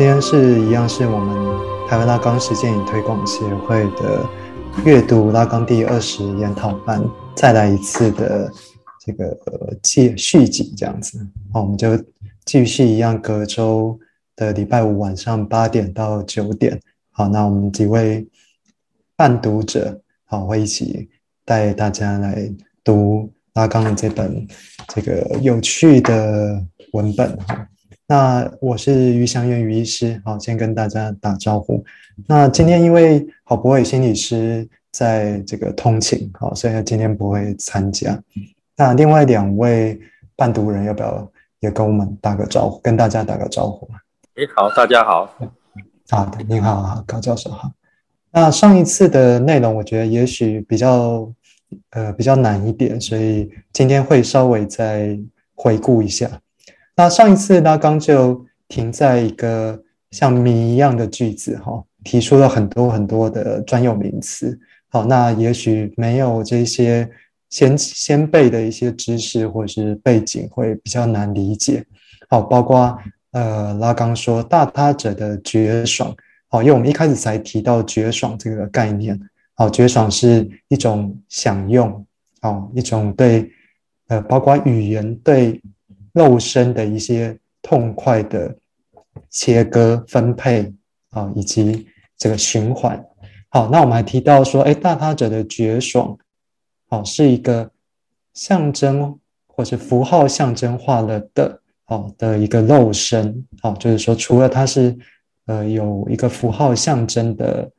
今天是一樣，是我們台灣拉岡實踐與推廣協會的閱讀拉岡第二十研討班再來一次的這個繼續集，這樣子，那我們就繼續一樣，隔周的禮拜五晚上八點到九點，好，那我們幾位伴讀者，好，會一起帶大家來讀拉岡的這本這個有趣的文本，哈。那我是俞翔元俞醫師，好，先跟大家打招呼。那今天因為郝博偉心理師在這個通勤，好，所以他今天不會參加。那另外兩位伴讀人要不要也跟我們打個招呼，跟大家打個招呼？你、欸、好，大家好。好的，你好,好，高教授好。那上一次的內容，我覺得也許比較呃比較難一點，所以今天會稍微再回顧一下。那上一次拉岡就停在一個像謎一樣的句子哈、哦，提出了很多很多的專有名詞。好，那也許沒有這些先先輩的一些知識或者是背景，會比較難理解。好，包括呃拉岡說大他者的絕爽。好，因為我們一開始才提到絕爽這個概念。好，絕爽是一種享用，好一種對呃包括語言對。肉身的一些痛快的切割、分配啊，以及這個循環。好，那我們還提到說，哎，大他者的絕爽，好、啊，是一個象徵或是符號象徵化了的，好、啊，的一個肉身。好、啊，就是說，除了它是呃有一個符號象徵的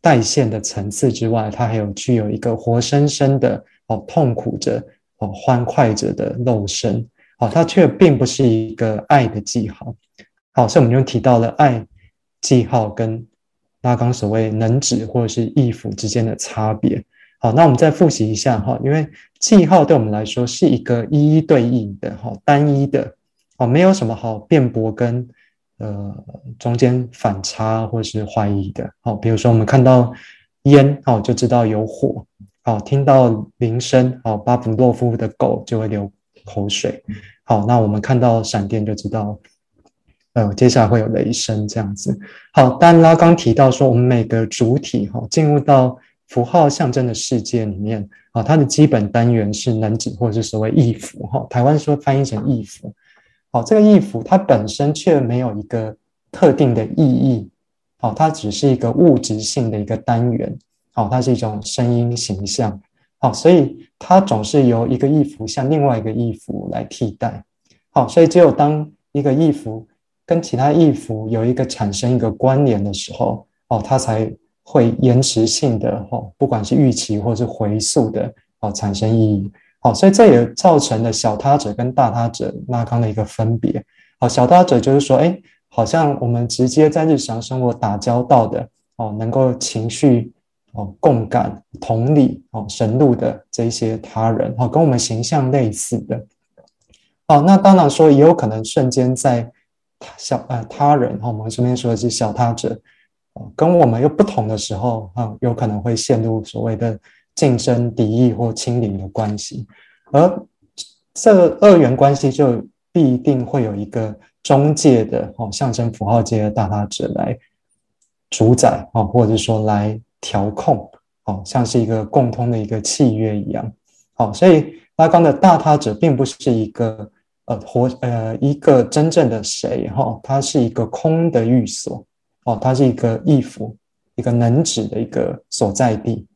代現的層次之外，它還有具有一個活生生的哦、啊、痛苦着、哦、啊、歡快着的肉身。好，它卻並不是一個愛的記號。好，所以我們就提到了愛記號跟拉岡所謂能指或者是意符之間的差別。好，那我們再複習一下哈，因為記號對我們來說是一個一一對應的哈，單一的哦，沒有什麼好辯駁跟呃中間反差或者是懷疑的。好，比如說我們看到煙哦，就知道有火；好，聽到鈴聲哦，巴甫洛夫的狗就會流口水，好，那我們看到閃電就知道，呃，接下來會有雷聲這樣子。好，但拉岡，剛提到說，我們每個主體哈、哦，進入到符號象徵的世界裡面，啊、哦，它的基本單元是能指或者是所謂意符哈。台灣說翻譯成意符，好、哦，這個意符它本身卻沒有一個特定的意義，好、哦，它只是一個物質性的一個單元，好、哦，它是一種聲音形象。好，所以它總是由一個意符向另外一個意符來替代。好，所以只有當一個意符跟其他意符有一個產生一個關聯的時候，哦，它才會延遲性的哦，不管是預期或是回溯的哦，產生意義。好，所以這也造成了小他者跟大他者拉康的一個分別。好，小他者就是說，哎，好像我們直接在日常生活打交道的哦，能夠情緒。哦，共感、同理、哦，神入的這一些他人，哦，跟我們形象類似的，哦，那當然說也有可能瞬間在他小呃他人哈、哦，我們這邊說的是小他者、哦，跟我們又不同的時候啊、哦，有可能會陷入所謂的競爭、敵意或親鄰的關係，而這個二元關係就必定會有一個中介的哦，象徵符號界的大他者來主宰哈、哦，或者是說來。調控，哦，像是一個共通的一個契約一樣，好、哦，所以拉岡的大他者並不是一個，呃，活，呃，一個真正的誰哈，他、哦、是一個空的寓所，哦，它是一個義符，一個能指的一個所在地，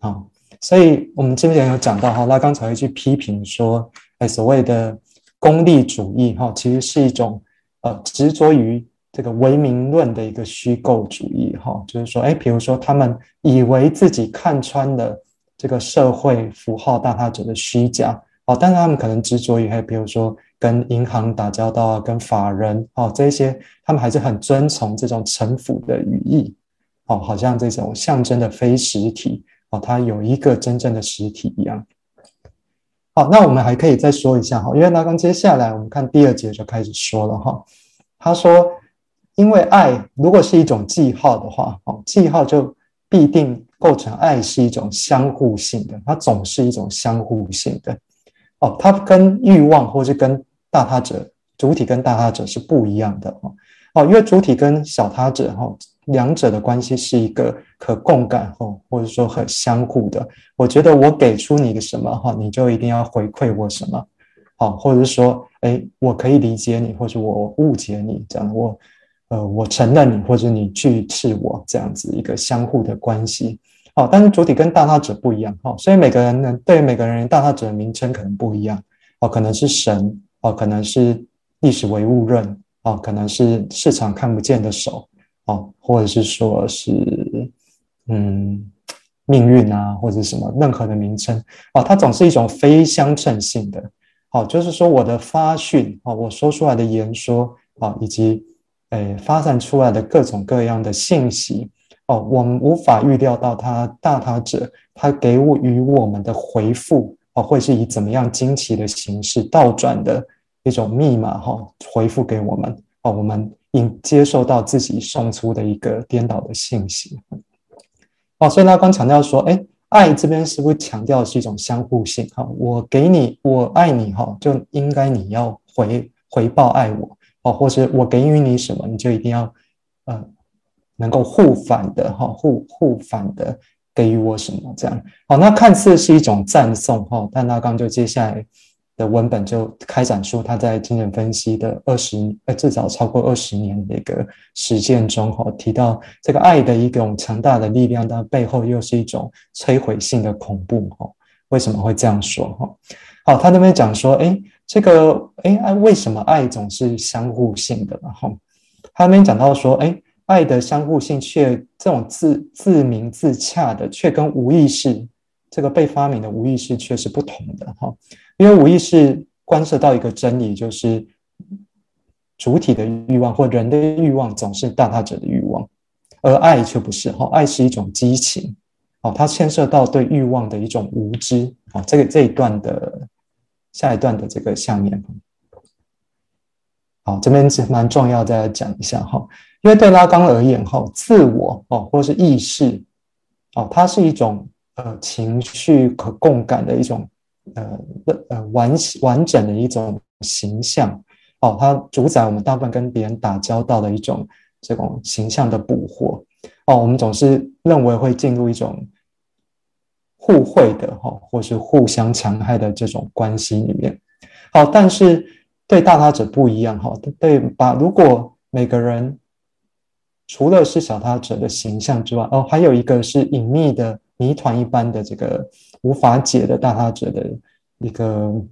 啊、哦，所以我們之前有講到哈、哦，拉岡才會去批評說，哎，所謂的功利主義哈、哦，其實是一種，呃，執着於，這個唯名論的一個虛構主義，哈、哦，就是說，誒，比如說，他們以為自己看穿了這個社會符號大他者的虛假，哦，但是他們可能執着於，哎，比如說，跟銀行打交道，跟法人，哦，這些，他們還是很遵從這種城府的語義，哦，好像這種象徵的非實體，哦，它有一個真正的實體一樣。好、哦，那我們還可以再說一下，哈，因為大剛接下來我們看第二節就開始說了，哈、哦，他說。因為愛如果是一種記號的話，哦，記號就必定構成愛是一種相互性的，它總是一種相互性的。哦，它跟欲望或者跟大他者主體跟大他者是不一樣的。哦，哦，因為主體跟小他者兩者的關係是一個可共感哦，或者說很相互的。我覺得我給出你的什麼哈，你就一定要回饋我什麼，或者是說，哎，我可以理解你，或者我誤解你這樣的我。呃，我承認你，或者你拒斥我，這樣子一個相互的關係。哦，但是主體跟大他者不一樣。好、哦，所以每個人對每個人大他者的名稱可能不一樣。哦，可能是神。哦，可能是歷史唯物論。哦，可能是市場看不見的手。哦，或者是說是嗯命運啊，或者什麼任何的名稱。哦，它總是一種非相稱性的。哦，就是說我的發訊。哦，我說出來的言說。哦，以及。哎，發散出來的各種各樣的信息哦，我們無法預料到他大他者他給予我們的回復哦，會是以怎麼樣驚奇的形式倒轉的一種密碼哈，回復給我們哦，我們應接受到自己送出的一個顛倒的信息哦，所以他剛強調說，哎，愛這邊是不是強調是一種相互性哈？我給你，我愛你哈，就應該你要回回報愛我。哦，或是我給予你什麼，你就一定要，嗯、呃，能夠互反的哈，互互反的給予我什麼這樣。好。那看似是一種讚頌哈，但大剛就接下來的文本就開展出他在精神分析的二十，呃，至少超過二十年的一個實踐中哈，提到這個愛的一種強大的力量，它背後又是一種摧毀性的恐怖哈。為什麼會這樣說哈？好，他那邊講說，哎、欸。這個哎愛為什麼愛總是相互性的？然後他們講到說，哎愛的相互性卻這種自自明自洽的，卻跟無意識這個被發明的無意識卻是不同的哈。因為無意識關涉到一個真理，就是主體的欲望或人的欲望總是大他者的欲望，而愛卻不是哈。愛是一種激情，哦，它牽涉到對欲望的一種無知啊。這個這一段的。下一段的這個下面，好、哦，這邊是蠻重要的，再來講一下哈、哦。因為對拉岡而言，哈、哦，自我哦，或者是意識哦，它是一種呃情緒可共感的一種呃呃完完整的一種形象哦，它主宰我們大部分跟別人打交道的一種這種形象的捕獲哦，我們總是認為會進入一種。互惠的哈，或是互相殘害的這種關係裡面，好，但是對大他者不一樣哈。對吧，把如果每個人除了是小他者的形象之外，哦，還有一個是隱秘的謎團一般的這個無法解的大他者的一個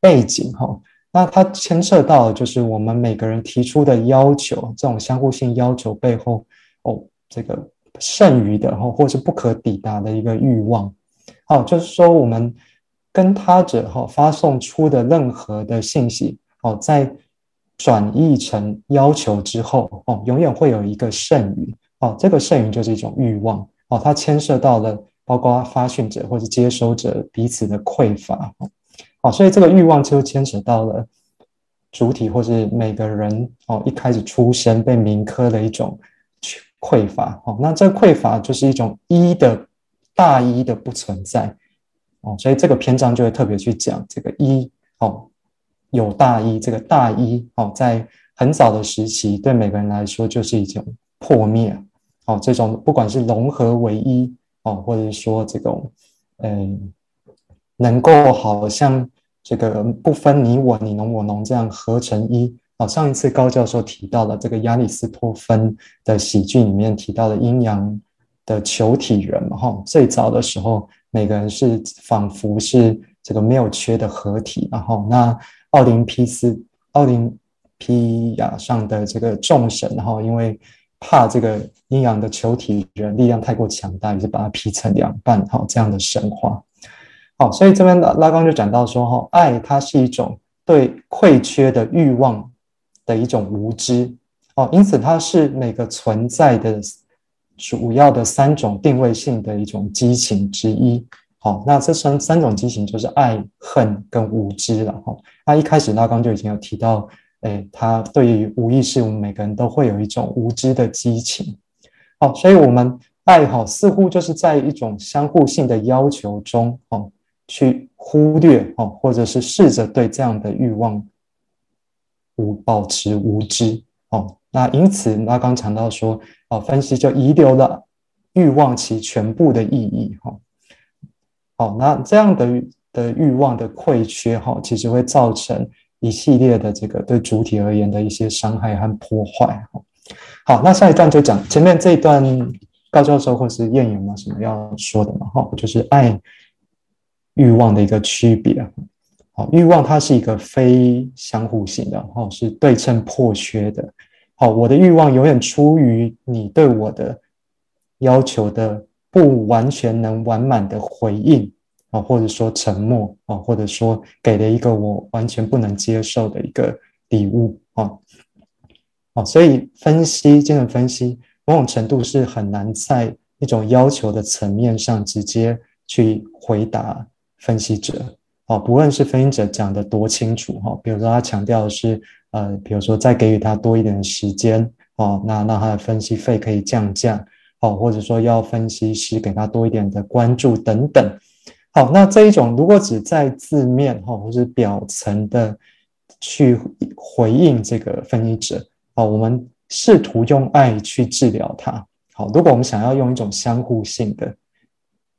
背景哈。那它牽涉到就是我們每個人提出的要求，這種相互性要求背後，哦，這個。剩餘的哈，或是不可抵達的一個欲望，好，就是說我們跟他者哈發送出的任何的信息哦，在轉譯成要求之後哦，永遠會有一個剩餘哦，這個剩餘就是一種欲望哦，它牽涉到了包括發訊者或者接收者彼此的匱乏哦，所以這個欲望就牽涉到了主體或是每個人哦一開始出生被銘刻的一種。匱乏，好，那這個匱乏就是一種一的大一的不存在，哦，所以這個篇章就會特別去講這個一，哦，有大一，這個大一，哦，在很早的時期，對每個人來說就是一種破滅，哦，這種不管是融合為一，哦，或者是說這種，嗯，呃，能夠好像這個不分你我，你儂我儂這樣合成一。好，上一次高教授提到了這個亞里斯托芬的喜劇裡面提到的陰陽的球體人嘛，哈，最早的時候每個人是仿佛是這個沒有缺的合體，然後那奧林匹斯奧林匹亞上的這個眾神，然後因為怕這個陰陽的球體人力量太過強大，於是把它劈成兩半，哈，這樣的神話。好，所以這邊拉拉岡就講到說，哈，愛它是一種對匱缺的欲望。的一種無知哦，因此它是每個存在的主要的三種定位性的一種激情之一。好、哦，那這三三種激情就是愛、恨跟無知了哈。那、哦、一開始拉岡就已經有提到，哎，他對於無意識，我們每個人都會有一種無知的激情。好、哦，所以我們愛好似乎就是在一種相互性的要求中哦，去忽略哦，或者是試着對這樣的欲望。無保持無知哦，那因此那剛，剛講到說哦，分析就遺留了欲望其全部的意義哈。哦，那這樣的的欲望的匱缺哈，其實會造成一系列的這個對主體而言的一些傷害和破壞。好，那下一段就講前面這一段高教授或是彥穎有什麼要說的嗎？哈，就是愛欲望的一個區別。好，欲望它是一個非相互性的，哈，是對稱破缺的。好，我的欲望永遠出於你對我的要求的不完全能完滿的回應，啊，或者說沉默，啊，或者說給了一個我完全不能接受的一個禮物，啊，啊，所以分析，精神分析某種程度是很難在一種要求的層面上直接去回答分析者。哦，不論是分析者講得多清楚哈，比如說他強調的是呃，比如說再給予他多一點的時間哦，那那他的分析費可以降價哦，或者說要分析師給他多一點的關注等等。好，那這一種如果只在字面哈、哦、或是表層的去回應這個分析者啊、哦，我們試圖用愛去治療他。好，如果我們想要用一種相互性的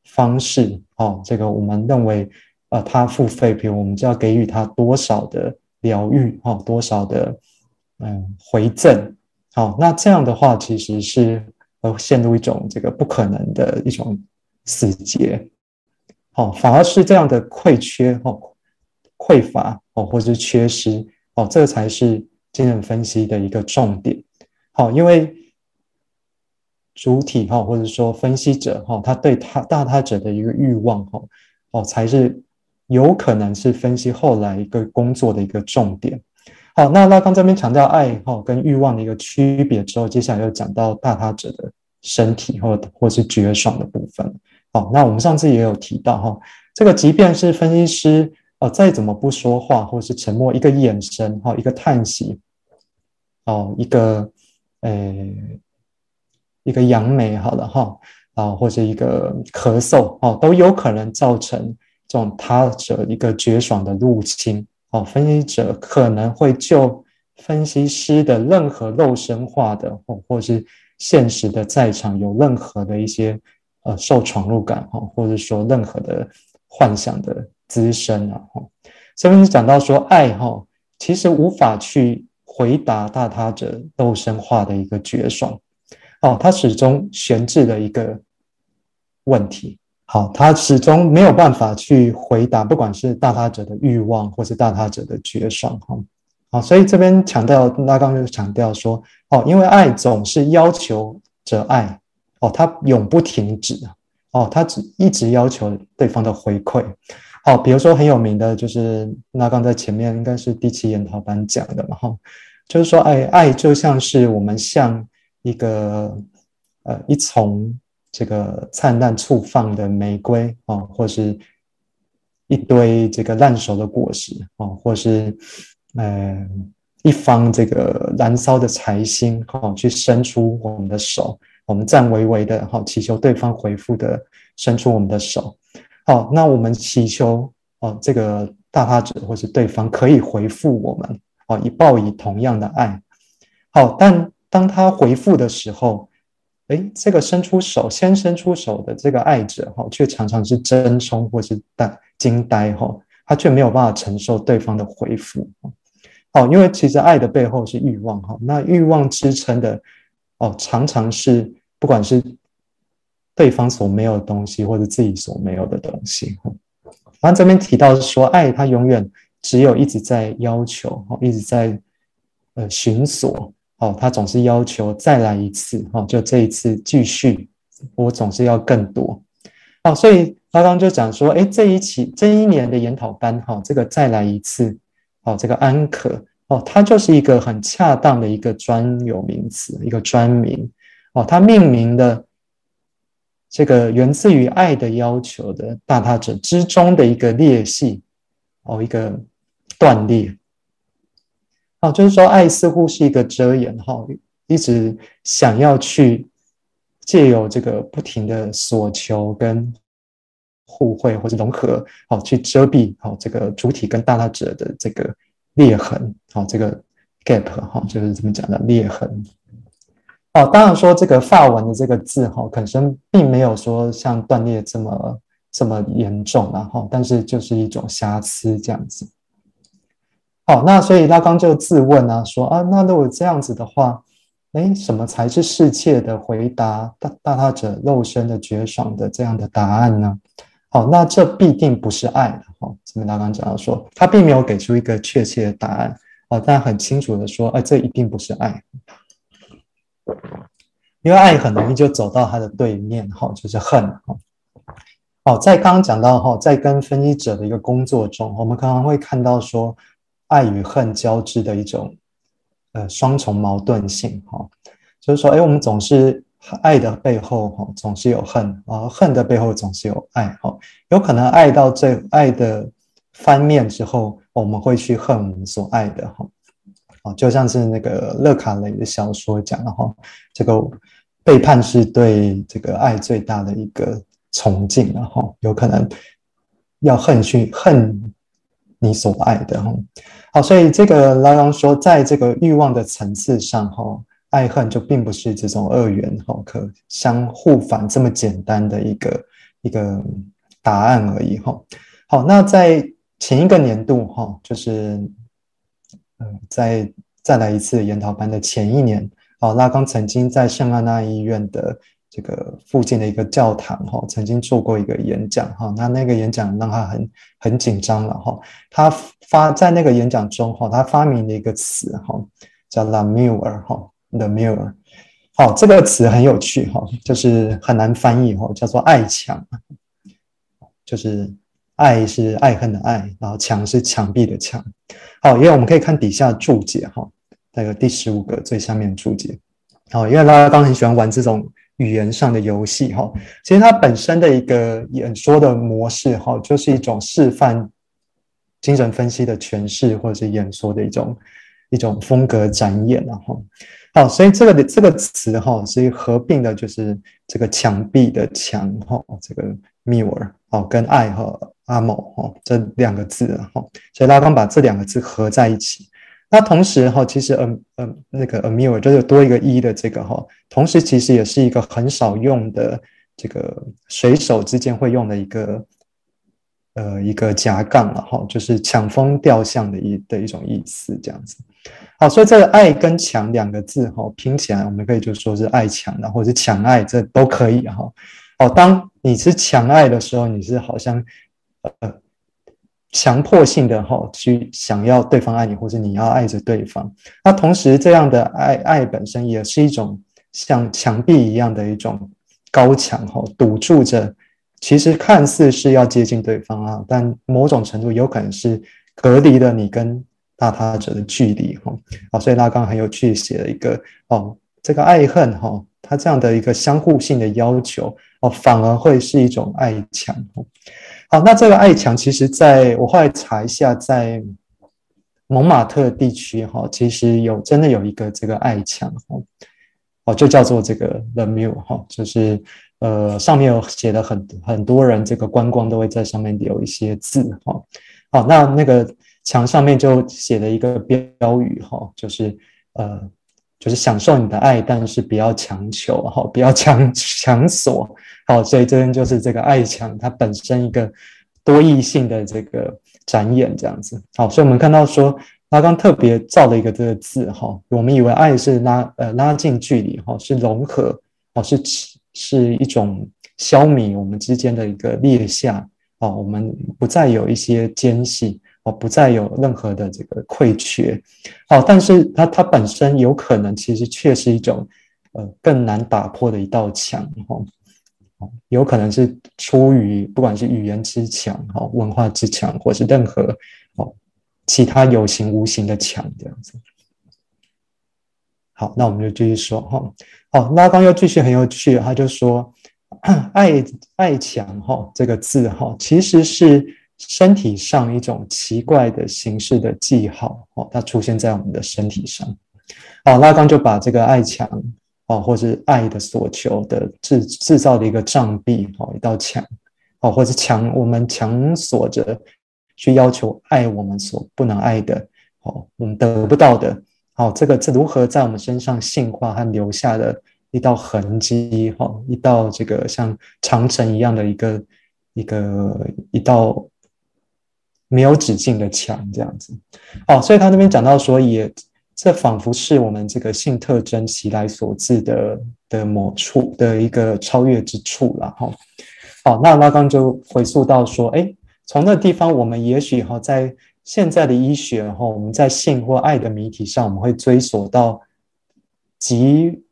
方式哦，這個我們認為。呃，他付費，比如，我們就要給予他多少的療癒哈，多少的嗯回贈。好，那這樣的話其實是呃陷入一種這個不可能的一種死結，好，反而是這樣的匱缺哦、匱乏哦，或者是缺失哦，這才是精神分析的一個重點。好，因為主體哈、哦，或者說分析者哈、哦，他對他大他者的一個欲望哈哦，哦，才是。有可能是分析後來一個工作的一個重點。好，那拉岡這邊強調愛好跟欲望的一個區別之後，接下來又講到大他者的身體或或是絕爽的部分。好，那我們上次也有提到哈，這個即便是分析師哦、啊、再怎麼不說話或是沉默，一個眼神哈，一個嘆息，哦一個呃一個揚眉，好了哈啊或者一個咳嗽哦，都有可能造成。這種他者一個絕爽的入侵，哦，分析者可能會就分析師的任何肉身化的，或、哦、或是現實的在場有任何的一些，呃，受闖入感，哈、哦，或者說任何的幻想的滋生啊，哈、哦。這邊你講到說愛，哈、哦，其實無法去回答大他者肉身化的一個絕爽，哦，他始終懸置的一個問題。好，他始終沒有辦法去回答，不管是大他者的慾望或是大他者的絕爽，哈，好，所以這邊強調，拉岡就強調說，哦，因為愛總是要求着愛，哦，他永不停止哦，他只一直要求對方的回饋，哦，比如說很有名的就是拉岡在前面應該是第七研討班講的嘛，哈、哦，就是說愛、哎，愛就像是我們像一個，呃，一從這個燦爛綻放的玫瑰哦，或是一堆這個爛熟的果實哦，或是嗯、呃、一方這個燃燒的柴薪哦，去伸出我們的手，我們顫巍巍的哈、哦、祈求對方回復的伸出我們的手，好，那我們祈求哦這個大他者或是對方可以回復我們哦以報以同樣的愛，好，但當他回復的時候。哎，這個伸出手先伸出手的這個愛者哈，卻常常是真衝或是呆驚呆哈，他卻沒有辦法承受對方的回覆。好，因為其實愛的背後是欲望哈，那欲望支撐的哦，常常是不管是對方所沒有的東西，或者自己所沒有的東西哈。反正這邊提到的是說，愛它永遠只有一直在要求，哦，一直在呃尋索。哦，他總是要求再來一次，哈、哦，就這一次繼續，我總是要更多，哦，所以剛剛就講說，哎，這一期，這一年的研討班，哈、哦，這個再來一次，哦，這個安可，哦，他就是一個很恰當的一個專有名詞，一個專名，哦，他命名的這個源自於愛的要求的大他者之中的一個裂隙，哦，一個斷裂。哦、啊，就是說，愛似乎是一個遮掩，哈，一直想要去借由這個不停的索求跟互惠或者融合，好、啊、去遮蔽好、啊、這個主體跟大他者的這個裂痕，好、啊、這個 gap，哈、啊，就是這麼講的裂痕。哦、啊，當然說這個法文的這個字，哈、啊，本身並沒有說像斷裂這麼這麼嚴重啊，哈、啊，但是就是一種瑕疵這樣子。好，那所以拉岡就自問啊，說啊，那如果這樣子的話，誒，什麼才是適切的回答？大大他者肉身的絕爽的這樣的答案呢？好，那這必定不是愛哈。前面拉岡講到說，他並沒有給出一個確切的答案啊、哦，但很清楚的說，哎，這一定不是愛，因為愛很容易就走到他的對面哈、哦，就是恨哈，好、哦哦，在剛剛講到哈、哦，在跟分析者的一個工作中，我們可能會看到說，愛與恨交織的一種，呃，雙重矛盾性哈、哦，就是說，誒、欸，我們總是愛的背後哈，總是有恨啊；然後恨的背後總是有愛哈、哦。有可能愛到最愛的翻面之後，我們會去恨我們所愛的哈。啊、哦，就像是那個勒卡雷的小說講的哈，這個背叛是對這個愛最大的一個崇敬，然後有可能要恨去恨。你所愛的哈，好，所以這個拉岡說，在這個欲望的層次上哈，愛恨就並不是這種二元哈，可相互反這麼簡單的一個一個答案而已哈。好，那在前一個年度哈，就是嗯，在、呃、再，再來一次研討班的前一年，哦，拉岡曾經在聖安娜醫院的。這個附近的一個教堂哈、哦，曾經做過一個演講哈、哦，那那個演講讓他很很緊張了哈、哦。他發在那個演講中哈、哦，他發明了一個詞哈、哦，叫 l'amur、哦、哈，“l'amur” 好、哦，這個詞很有趣哈、哦，就是很難翻譯哈、哦，叫做“愛牆”，就是愛是愛恨的愛，然後牆是牆壁的牆。好、哦，因為我們可以看底下注解哈，那、哦這個第十五個最下面注解。好、哦，因為大家剛剛很喜歡玩這種，語言上的遊戲，哈，其實它本身的一個演說的模式，哈，就是一種示範精神分析的詮釋，或者是演說的一種一種風格展演，然後，好，所以這個這個詞，哈，所以合併的就是這個牆壁的牆，哈，這個 mirror，哈，跟愛和 amo，哈，這兩個字，哈，所以拉康把這兩個字合在一起。那同時哈、哦，其實呃呃、嗯，那個 amir 就是多一個一、e、的這個哈、哦，同時其實也是一個很少用的這個水手之間會用的一個呃一個夾槓了哈、哦，就是搶風調向的一的一種意思這樣子。好，所以這個愛跟搶兩個字哈、哦、拼起來，我們可以就說是愛搶的，或者是搶愛這都可以哈、哦。好，當你是搶愛的時候，你是好像呃。強迫性的哈，去想要對方愛你，或者你要愛着對方。那、啊、同時，這樣的愛愛本身也是一種像牆壁一樣的一種高牆哈，堵住着。其實看似是要接近對方啊，但某種程度有可能是隔離了你跟大他者的距離哈。所以拉岡很有趣寫了一個哦，這個愛恨哈，他這樣的一個相互性的要求哦，反而會是一種愛牆。好，那這個愛牆其實在，在我後來查一下，在蒙馬特地區哈，其實有真的有一個這個愛牆哦，哦，就叫做這個 The Mu 哈，就是呃上面有寫的，很很多人這個觀光都會在上面留一些字哈。好，那那個牆上面就寫了一個標語哈，就是呃就是享受你的愛，但是不要強求哈，不要強強索。好，所以這邊就是這個愛牆，它本身一個多義性的這個展演這樣子。好，所以我們看到說，拉岡，剛特別造了一個這個字哈、哦，我們以為愛是拉呃拉近距離哈、哦，是融合，哦，是是一種消弭我們之間的一個裂隙，哦，我們不再有一些間隙，哦，不再有任何的這個匱缺，好，但是它它本身有可能其實卻是一種呃更難打破的一道牆哈。哦有可能是出於不管是語言之牆，哈文化之牆，或是任何哦其他有形無形的牆這樣子。好，那我們就繼續說哈。好，拉剛又繼續很有趣，他就說“愛愛牆”哈這個字哈其實是身體上一種奇怪的形式的記號哈，它出現在我們的身體上。好，拉剛就把這個愛牆“愛牆”。哦，或是愛的索求的製製造的一個障壁，哦，一道牆，哦，或是牆，我們強鎖着去要求愛我們所不能愛的，哦，我們得不到的，好、哦，這個這如何在我們身上性化和留下的一道痕迹，哈、哦，一道這個像長城一樣的一個一個一道沒有止境的牆這樣子，好、哦，所以他那邊講到說也。這仿佛是我們這個性特徵襲來所致的的某處的一個超越之處了哈。好，那拉岡就回溯到說，哎，從那地方，我們也許哈，在現在的醫學哈，我們在性或愛的謎題上，我們會追溯到極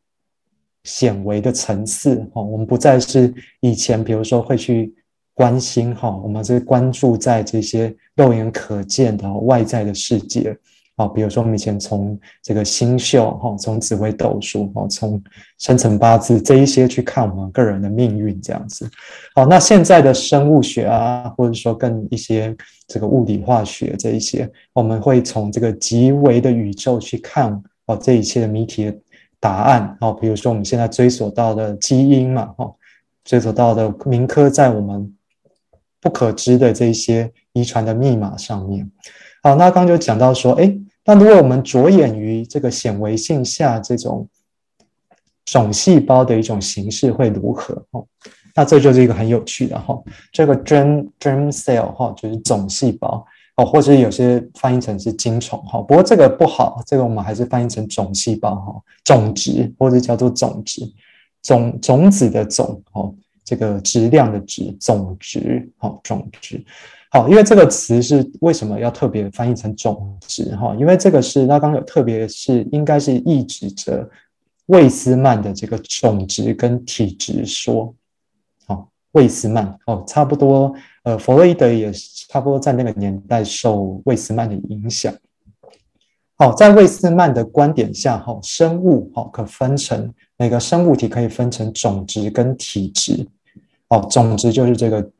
顯微的層次哈。我們不再是以前，比如說會去關心哈，我們是關注在這些肉眼可見的外在的世界。好、哦、比如說我們以前從這個星宿，哈、哦，從紫微斗數，哈、哦，從生辰八字這一些去看我們個人的命運，這樣子。好、哦，那現在的生物學啊，或者說更一些這個物理化學這一些，我們會從這個極微的宇宙去看哦，這一切的謎題的答案。好、哦，比如說我們現在追索到的基因嘛，哈、哦，追索到的銘刻在我們不可知的這一些遺傳的密碼上面。好、哦，那剛剛就講到說，哎。那如果我們着眼於這個顯微鏡下這種，種細胞的一種形式會如何？哦，那這就是一個很有趣的哈。這個 germ germ cell 哈，就是種細胞哦，或者有些翻譯成是精蟲哈。不過這個不好，這個我們還是翻譯成種細胞哈，種質或者叫做種質，種種子的種哦，這個質量的質種質哈，種質。種質種質。好，因為這個詞是為什麼要特別翻譯成種植“種質”哈？因為這個是拉岡，剛有特別是應該是意指着魏斯曼的這個種質跟體質說。好、哦，魏斯曼哦，差不多呃，弗洛伊德也差不多在那個年代受魏斯曼的影響。好、哦，在魏斯曼的觀點下，哈、哦，生物哈、哦、可分成那個生物體可以分成種質跟體質。哦，種質就是這個。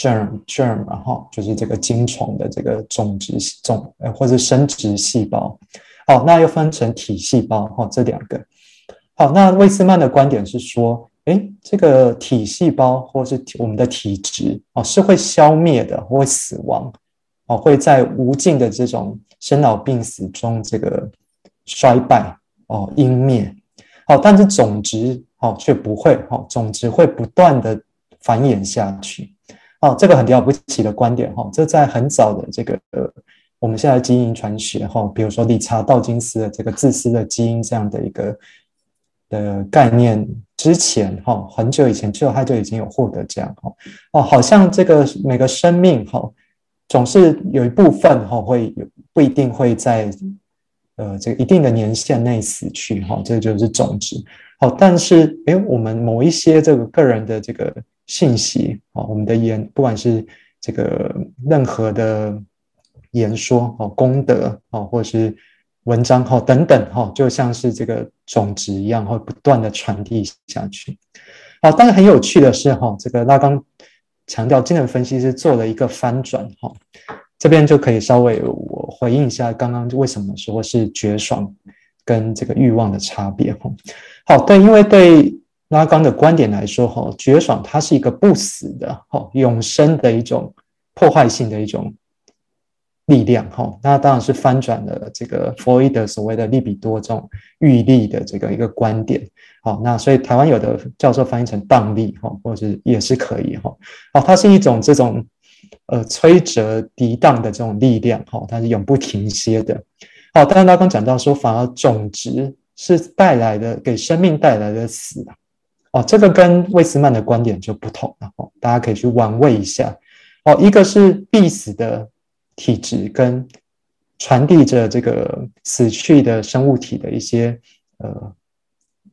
germ germ，然後就是這個精蟲的這個種子種，呃，或者是生殖細胞。好，那又分成體細胞，哈、哦，這兩個。好，那魏斯曼的觀點是說，誒，這個體細胞或是我們的體質，哦，是會消滅的，或會死亡，哦，會在無盡的這種生老病死中這個衰敗，哦，湮滅。好，但是種子，哦，卻不會，哦，種子會不斷的繁衍下去。哦，這個很了不起的觀點哈，這、哦、在很早的這個、呃、我們現在的基因遺傳學哈、哦，比如說理查道金斯的這個自私的基因這樣的一個的概念之前哈、哦，很久以前，其實他就已經有獲得這樣哈。哦，好像這個每個生命哈、哦，總是有一部分哈、哦、會有不一定會在呃這個一定的年限內死去哈、哦，這個、就是種子。好、哦，但是誒、欸，我們某一些這個個人的這個。信息啊、哦，我們的言，不管是這個任何的言說、哦、功德啊、哦，或者是文章哈、哦、等等哈、哦，就像是這個種子一樣，會、哦、不斷的傳遞下去。好、啊，但很有趣的是哈、哦，這個拉岡強調精神分析是做了一個翻轉哈、哦，這邊就可以稍微我回應一下剛剛為什麼說是絕爽跟這個欲望的差別哈、哦。好，對，因為對。拉岡的觀點來說、哦，哈絕爽它是一個不死的、哈、哦、永生的一種破壞性的一種力量，哈、哦、那當然是翻轉了這個弗洛伊德所謂的利比多這種慾力的這個一個觀點，好、哦、那所以台灣有的教授翻譯成蕩力，哈、哦、或者是也是可以，哈哦它是一種這種呃摧折滌蕩的這種力量，哈、哦、它是永不停歇的。好，當然拉岡講到說，反而種植是帶來的給生命帶來的死。哦，這個跟魏斯曼的觀點就不同了哦，大家可以去玩味一下。哦，一個是必死的體質，跟傳遞着這個死去的生物體的一些呃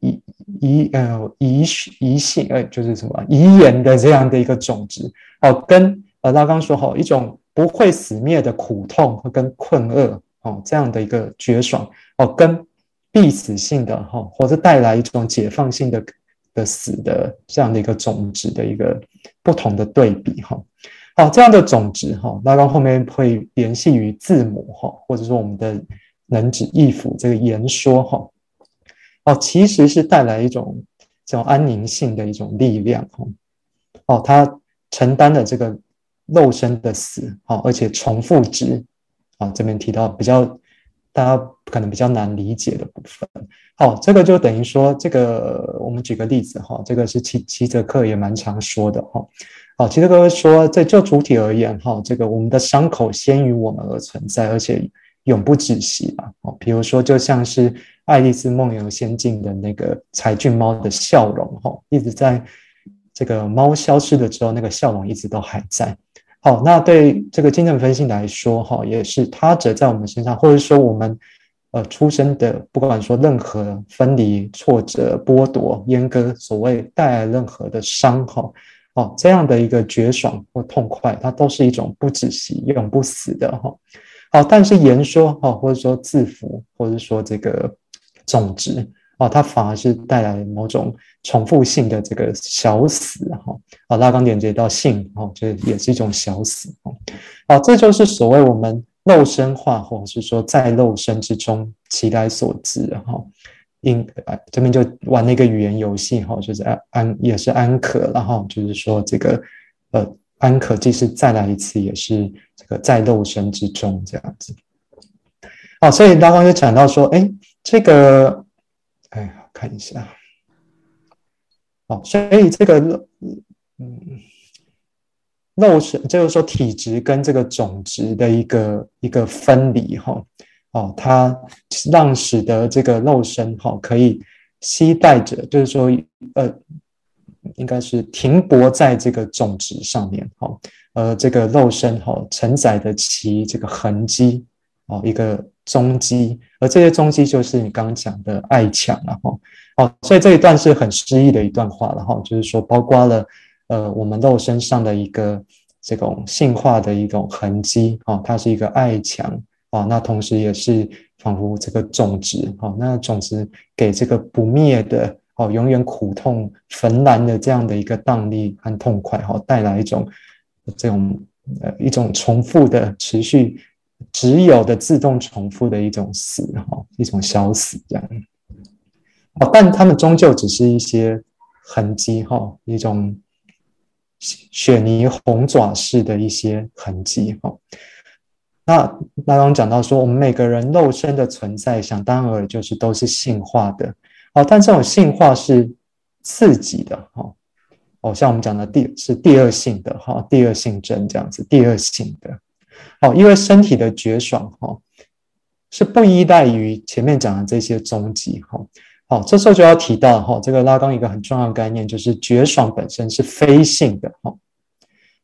遺遺呃遺遺性呃、欸，就是什麼遺言的這樣的一個種子。哦，跟呃，拉、啊、岡說，哦，一種不會死滅的苦痛跟困厄哦，這樣的一個絕爽。哦，跟必死性的哈、哦，或者帶來一種解放性的。的死的這樣的一個總值的一個不同的對比哈，好，這樣的總值哈，那到後面會聯繫於字母哈，或者說我們的能指、意符這個言說哈，哦，其實是帶來一種叫安寧性的一種力量哈，哦，他承擔了這個肉身的死啊，而且重複值啊，這邊提到比較大家可能比較難理解的部分。好、哦，這個就等於說，這個我們舉個例子哈、哦，這個是齊齊澤克也蠻常說的哈。好、哦，齊澤克說，在就主體而言哈、哦，這個我們的傷口先於我們而存在，而且永不止息哦，比如說，就像是《愛麗絲夢遊仙境》的那個柴郡貓的笑容哈、哦，一直在這個貓消失的時候，那個笑容一直都還在。好、哦，那對這個精神分析來說哈、哦，也是他者在我們身上，或者說我們。呃，出生的不管說任何分離、挫折、剝奪、閹割，所謂帶來任何的傷害，哦，這樣的一個絕爽或痛快，它都是一種不止息、永不死的哈。好、哦，但是言說哈、哦，或者說字符，或者說這個種子啊、哦，它反而是帶來某種重複性的這個小死哈。啊、哦，拉岡點解到性哈，就也是一種小死。哦，這就是所謂我們。肉身化，或者是說在肉身之中來，期待所至哈。因這邊就玩了一個語言遊戲哈，就是安也是安可，然後就是說這個呃安可，既是再來一次，也是這個在肉身之中這樣子。好、哦，所以剛剛就講到說，哎，這個哎，看一下。好、哦，所以這個嗯嗯。肉身就是說，體質跟這個種子的一個一個分離哈，哦，它讓使得這個肉身哈、哦、可以攜帶著，就是說，呃，應該是停泊在這個種子上面哈、哦，而這個肉身哈、哦、承載得起這個痕跡哦，一個蹤跡，而這些蹤跡就是你剛剛講的愛牆了哈，哦，所以這一段是很詩意的一段話了哈、哦，就是說，包括了。呃，我們肉身上的一個這種性化的一種痕迹，哈、哦，它是一個愛牆，啊、哦，那同時也是仿佛這個種子，哈、哦，那種子給這個不滅的，哦，永遠苦痛、焚蘭的這樣的一個蕩力和痛快，哈、哦，帶來一種這種呃一種重複的、持續、只有的自動重複的一種死，哈、哦，一種小死，這樣，啊、哦，但他們終究只是一些痕迹，哈、哦，一種。雪泥紅爪式的一些痕跡哈、哦，那剛剛講到說，我們每個人肉身的存在，想當然耳就是都是性化的，哦，但這種性化是刺激的哈、哦，像我們講的第是第二性的哈、哦，第二性徵這樣子，第二性的，哦，因為身體的絕爽哈、哦，是不依賴於前面講的這些蹤跡哈。哦好，這時候就要提到哈、哦，這個拉岡一個很重要的概念就是絕爽本身是非性的哈，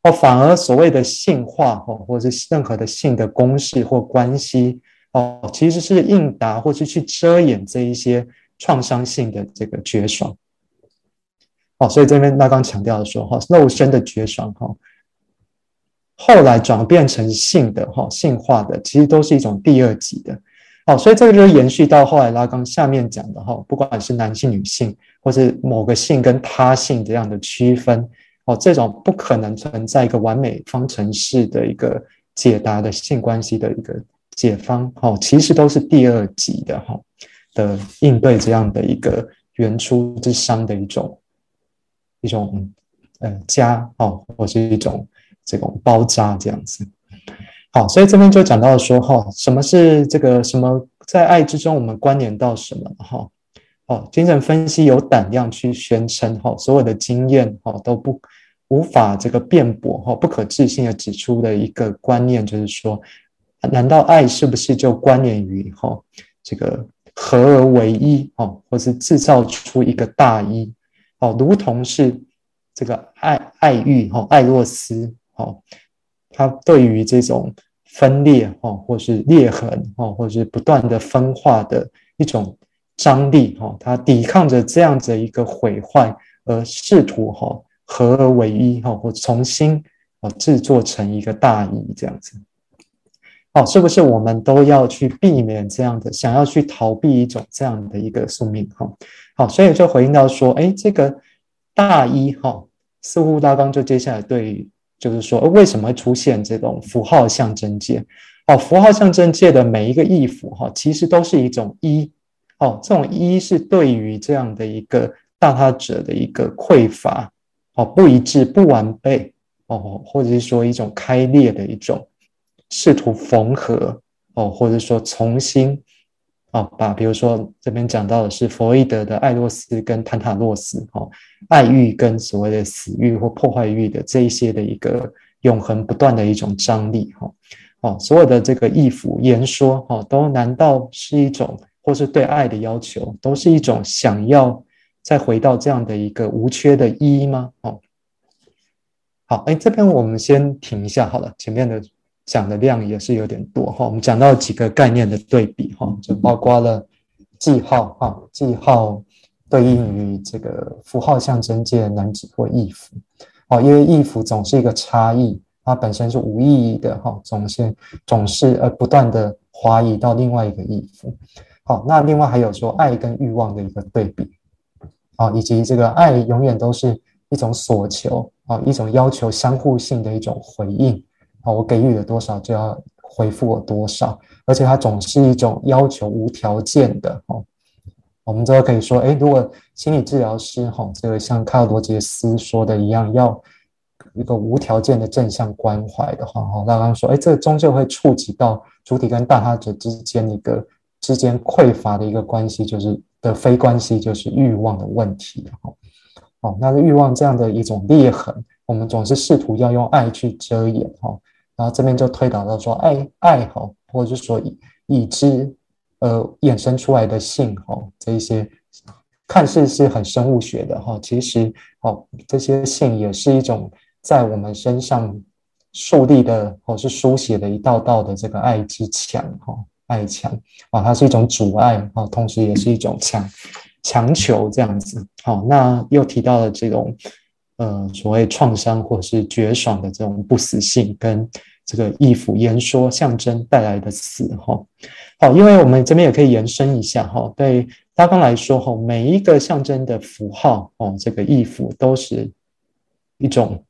哦，反而所謂的性化哈、哦，或者是任何的性的公式或關係哦，其實是應答或是去遮掩這一些創傷性的這個絕爽。哦，所以這邊拉岡強調說、哦、的說哈，肉身的絕爽哈，後來轉變成性的哈、哦、性化的，其實都是一種第二級的。好，所以這個就延續到後來拉岡下面講的哈，不管是男性、女性，或是某個性跟他性這樣的區分，哦，這種不可能存在一個完美方程式的一個解答的性關係的一個解方，哦，其實都是第二級的哈、哦、的應對這樣的一個原初之傷的一種一種呃加哦，或是一種這種包紮這樣子。好，所以這邊就講到說哈，什麼是這個什麼在愛之中我們關聯到什麼哈？哦，精神分析有膽量去宣稱哈，所有的經驗哈都不無法這個辯駁哈，不可置信地指出的一個觀念就是說，難道愛是不是就關聯於哈這個合而為一哈，或是制造出一個大一哦，如同是這個愛愛欲哈，愛洛斯哈。它對於這種分裂哈，或是裂痕哈，或是不斷的分化的一種張力哈，它抵抗着這樣子的一個毀壞，而試圖哈合而為一哈，或重新啊制作成一個大一這樣子。好，是不是我們都要去避免這樣的，想要去逃避一種這樣的一個宿命哈？好，所以就回應到說，哎，這個大一哈，似乎大綱就接下來對。就是說，為什麼會出現這種符號象徵界？哦，符號象徵界的每一個意符，哈、哦，其實都是一種一，哦，這種一是對於這樣的一個大他者的一個匱乏，哦，不一致、不完備，哦，或者是說一種開裂的一種試圖縫合，哦，或者說重新。哦，把比如說這邊講到的是弗洛伊德的艾洛斯跟坦塔洛斯，哈、哦，愛慾跟所謂的死慾或破壞慾的這一些的一個永恆不斷的一種張力，哈、哦，哦，所有的這個意符言說，哈、哦，都難道是一種或是對愛的要求，都是一種想要再回到這樣的一個無缺的意義嗎？哦，好，哎，這邊我們先停一下，好了，前面的。講的量也是有點多哈，我們講到幾個概念的對比哈，就包括了記號哈，記號對應於這個符號象徵界的男子或意符哦，因為意符總是一個差異，它本身是無意義的哈，總是總是呃不斷的滑移到另外一個意符。好，那另外還有說愛跟欲望的一個對比啊，以及這個愛永遠都是一種索求啊，一種要求相互性的一種回應。好，我給予了多少就要回復我多少，而且它總是一種要求無條件的。哦、我們之後可以說誒，如果心理治療師，哈、哦，這個像卡爾羅傑斯說的一樣，要一個無條件的正向關懷的話，哈、哦，他剛說，哎，這終究會觸及到主體跟大他者之間一個之間匱乏的一個關係，就是的非關係，就是欲望的問題。哈、哦，那個欲望這樣的一種裂痕，我們總是試圖要用愛去遮掩。哈、哦。然後這邊就推導到說愛，愛愛哈，或者是說已已知，呃，衍生出來的性哈，這一些，看似是很生物學的哈，其實哦，這些性也是一種在我們身上樹立的，或是書寫的一道道的這個愛之牆哈，愛牆啊，它是一種阻礙啊，同時也是一種強強求這樣子，好，那又提到了這種。呃，所謂創傷或者是絕爽的這種不死性，跟這個意符言說象徵帶來的死哈、哦。好，因為我們這邊也可以延伸一下哈、哦，對於拉岡來說哈、哦，每一個象徵的符號哦，這個意符都是一種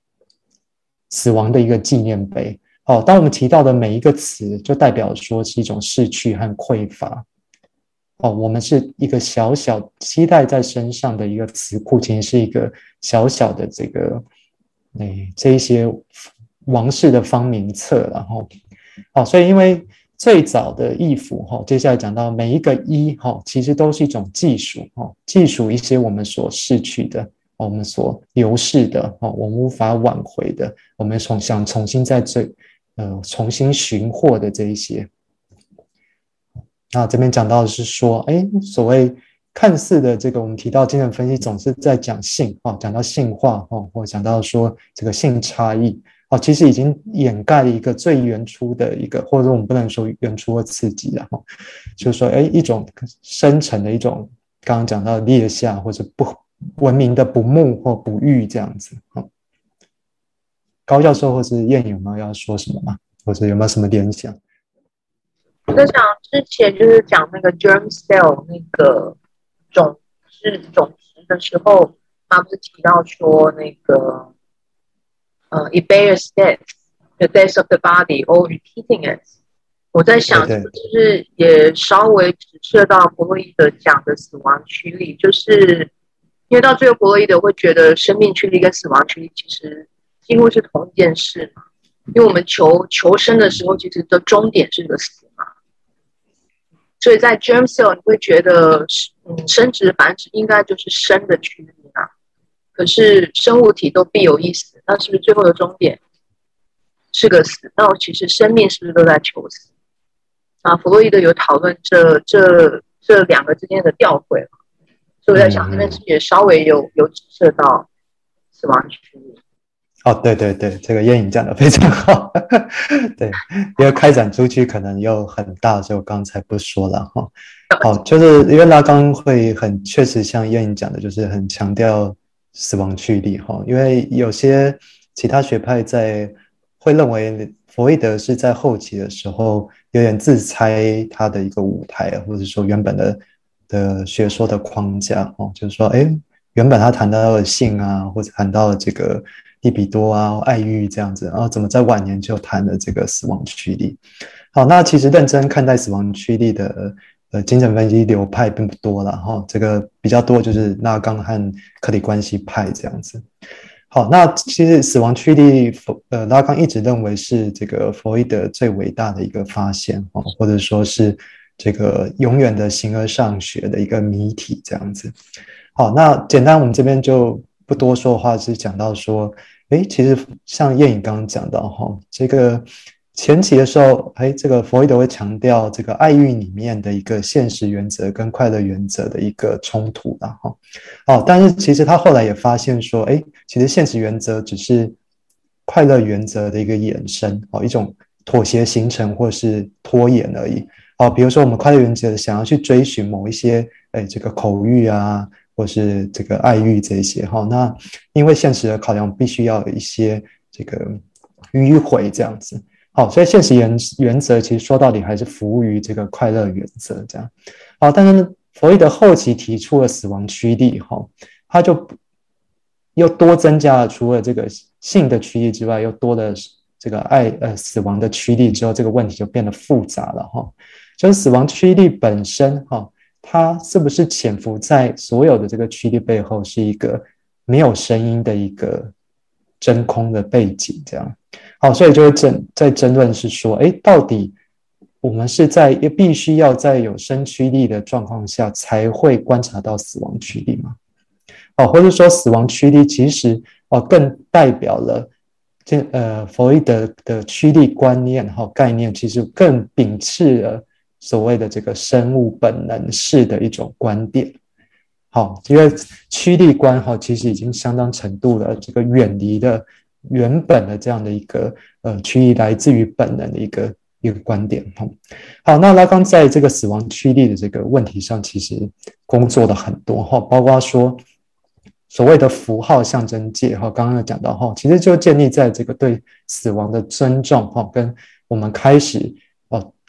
死亡的一個紀念碑。哦，當我們提到的每一個詞，就代表說是一種逝去和匱乏。哦，我們是一個小小期待在身上的一個詞庫，其實是一個小小的這個，哎，這一些王室的芳名冊，然後，哦，所以因為最早的衣服哈、哦，接下來講到每一個衣哈、哦，其實都是一種技術哈、哦，技術一些我們所失去的，我們所流逝的，哦，我們無法挽回的，我們從想重新在這，呃，重新尋獲的這一些。那、啊、這邊講到的是說，哎、欸，所謂看似的這個，我們提到精神分析總是在講性啊，講到性化啊、哦，或講到說這個性差異啊、哦，其實已經掩蓋了一個最原初的一個，或者說我們不能說原初或刺激啊。就是說，哎、欸，一種深沉的一種，剛剛講到列下或者不文明的不睦或不欲這樣子、哦。高教授或是彥有沒有要說什麼嗎？或者有沒有什麼聯想？我在想之前就是講那個 germ cell 那個種子是種子的時候，他不是提到說那個呃，ebayers death the death of the body or repeating it。我在想、就是，不是 Okay. 也稍微折射到弗洛伊德講的死亡驅力，就是因為到最後弗洛伊德會覺得生命驅力跟死亡驅力其實幾乎是同一件事嘛，因為我們求求生的時候，其實的終點是個死嘛。所以在 germ cell，你會覺得，嗯，生殖繁殖應該就是生的趨力啊。可是生物體都必有一死，那是不是最後的終點是個死？那我其實生命是不是都在求死？啊，弗洛伊德有討論這這這兩個之間的調和，所以我在想這邊也稍微有有指涉到死亡趨力。哦，對對對，這個彥穎講得非常好呵呵，對，因為開展出去可能又很大，所以我剛才不說了哈。哦，嗯、就是因為拉岡會很確實像彥穎講的，就是很強調死亡驅力哈、哦。因為有些其他學派在會認為弗洛伊德是在後期的時候有點自拆他的一個舞台，或者說原本的的學說的框架哦，就是說，哎，原本他談到了性啊，或者談到了這個。利比多啊，愛慾這樣子啊，然後怎麼在晚年就談了這個死亡驅力？好，那其實認真看待死亡驅力的呃精神分析流派並不多啦，哈、哦，這個比較多就是拉康和客體關係派這樣子。好，那其實死亡驅力佛呃拉康一直認為是這個弗洛伊德最偉大的一個發現啊、哦，或者說是這個永遠的形而上學的一個謎題這樣子。好，那簡單我們這邊就不多說的話，是講到說。哎，其實像彥穎剛剛講到哈，這個前期的時候，哎，這個弗洛伊德會強調這個愛慾裡面的一個現實原則跟快樂原則的一個衝突了哈。哦，但是其實他後來也發現說，哎，其實現實原則只是快樂原則的一個延伸哦，一種妥協形成或是拖延而已哦。比如說我們快樂原則想要去追尋某一些，哎，這個口慾啊。或是這個愛欲這些哈，那因為現實的考量，必須要有一些這個迂迴這樣子。好，所以現實原原則其實說到底還是服務於這個快樂原則這樣。好，但是佛洛伊德後期提出了死亡驅力哈，他就又多增加了除了這個性的驅力之外，又多了這個愛呃死亡的驅力之後，這個問題就變得複雜了哈。所以死亡驅力本身哈。它是不是潛伏在所有的這個驅力背後，是一個沒有聲音的一個真空的背景？這樣，好，所以就會爭在爭論是說，哎，到底我們是在也必須要在有生驅力的狀況下才會觀察到死亡驅力嗎？好，或者說死亡驅力其實哦更代表了這呃弗洛伊德的驅力觀念和概念，其實更秉持了所謂的這個生物本能式的一種觀點，好，因為驅力觀哈，其實已經相當程度了這個遠離的原本的這樣的一個呃驅力來自於本能的一個一個觀點哈。好，那拉康在這個死亡驅力的這個問題上，其實工作了很多哈，包括說所謂的符號象徵界哈，剛剛講到哈，其實就建立在這個對死亡的尊重哈，跟我們開始。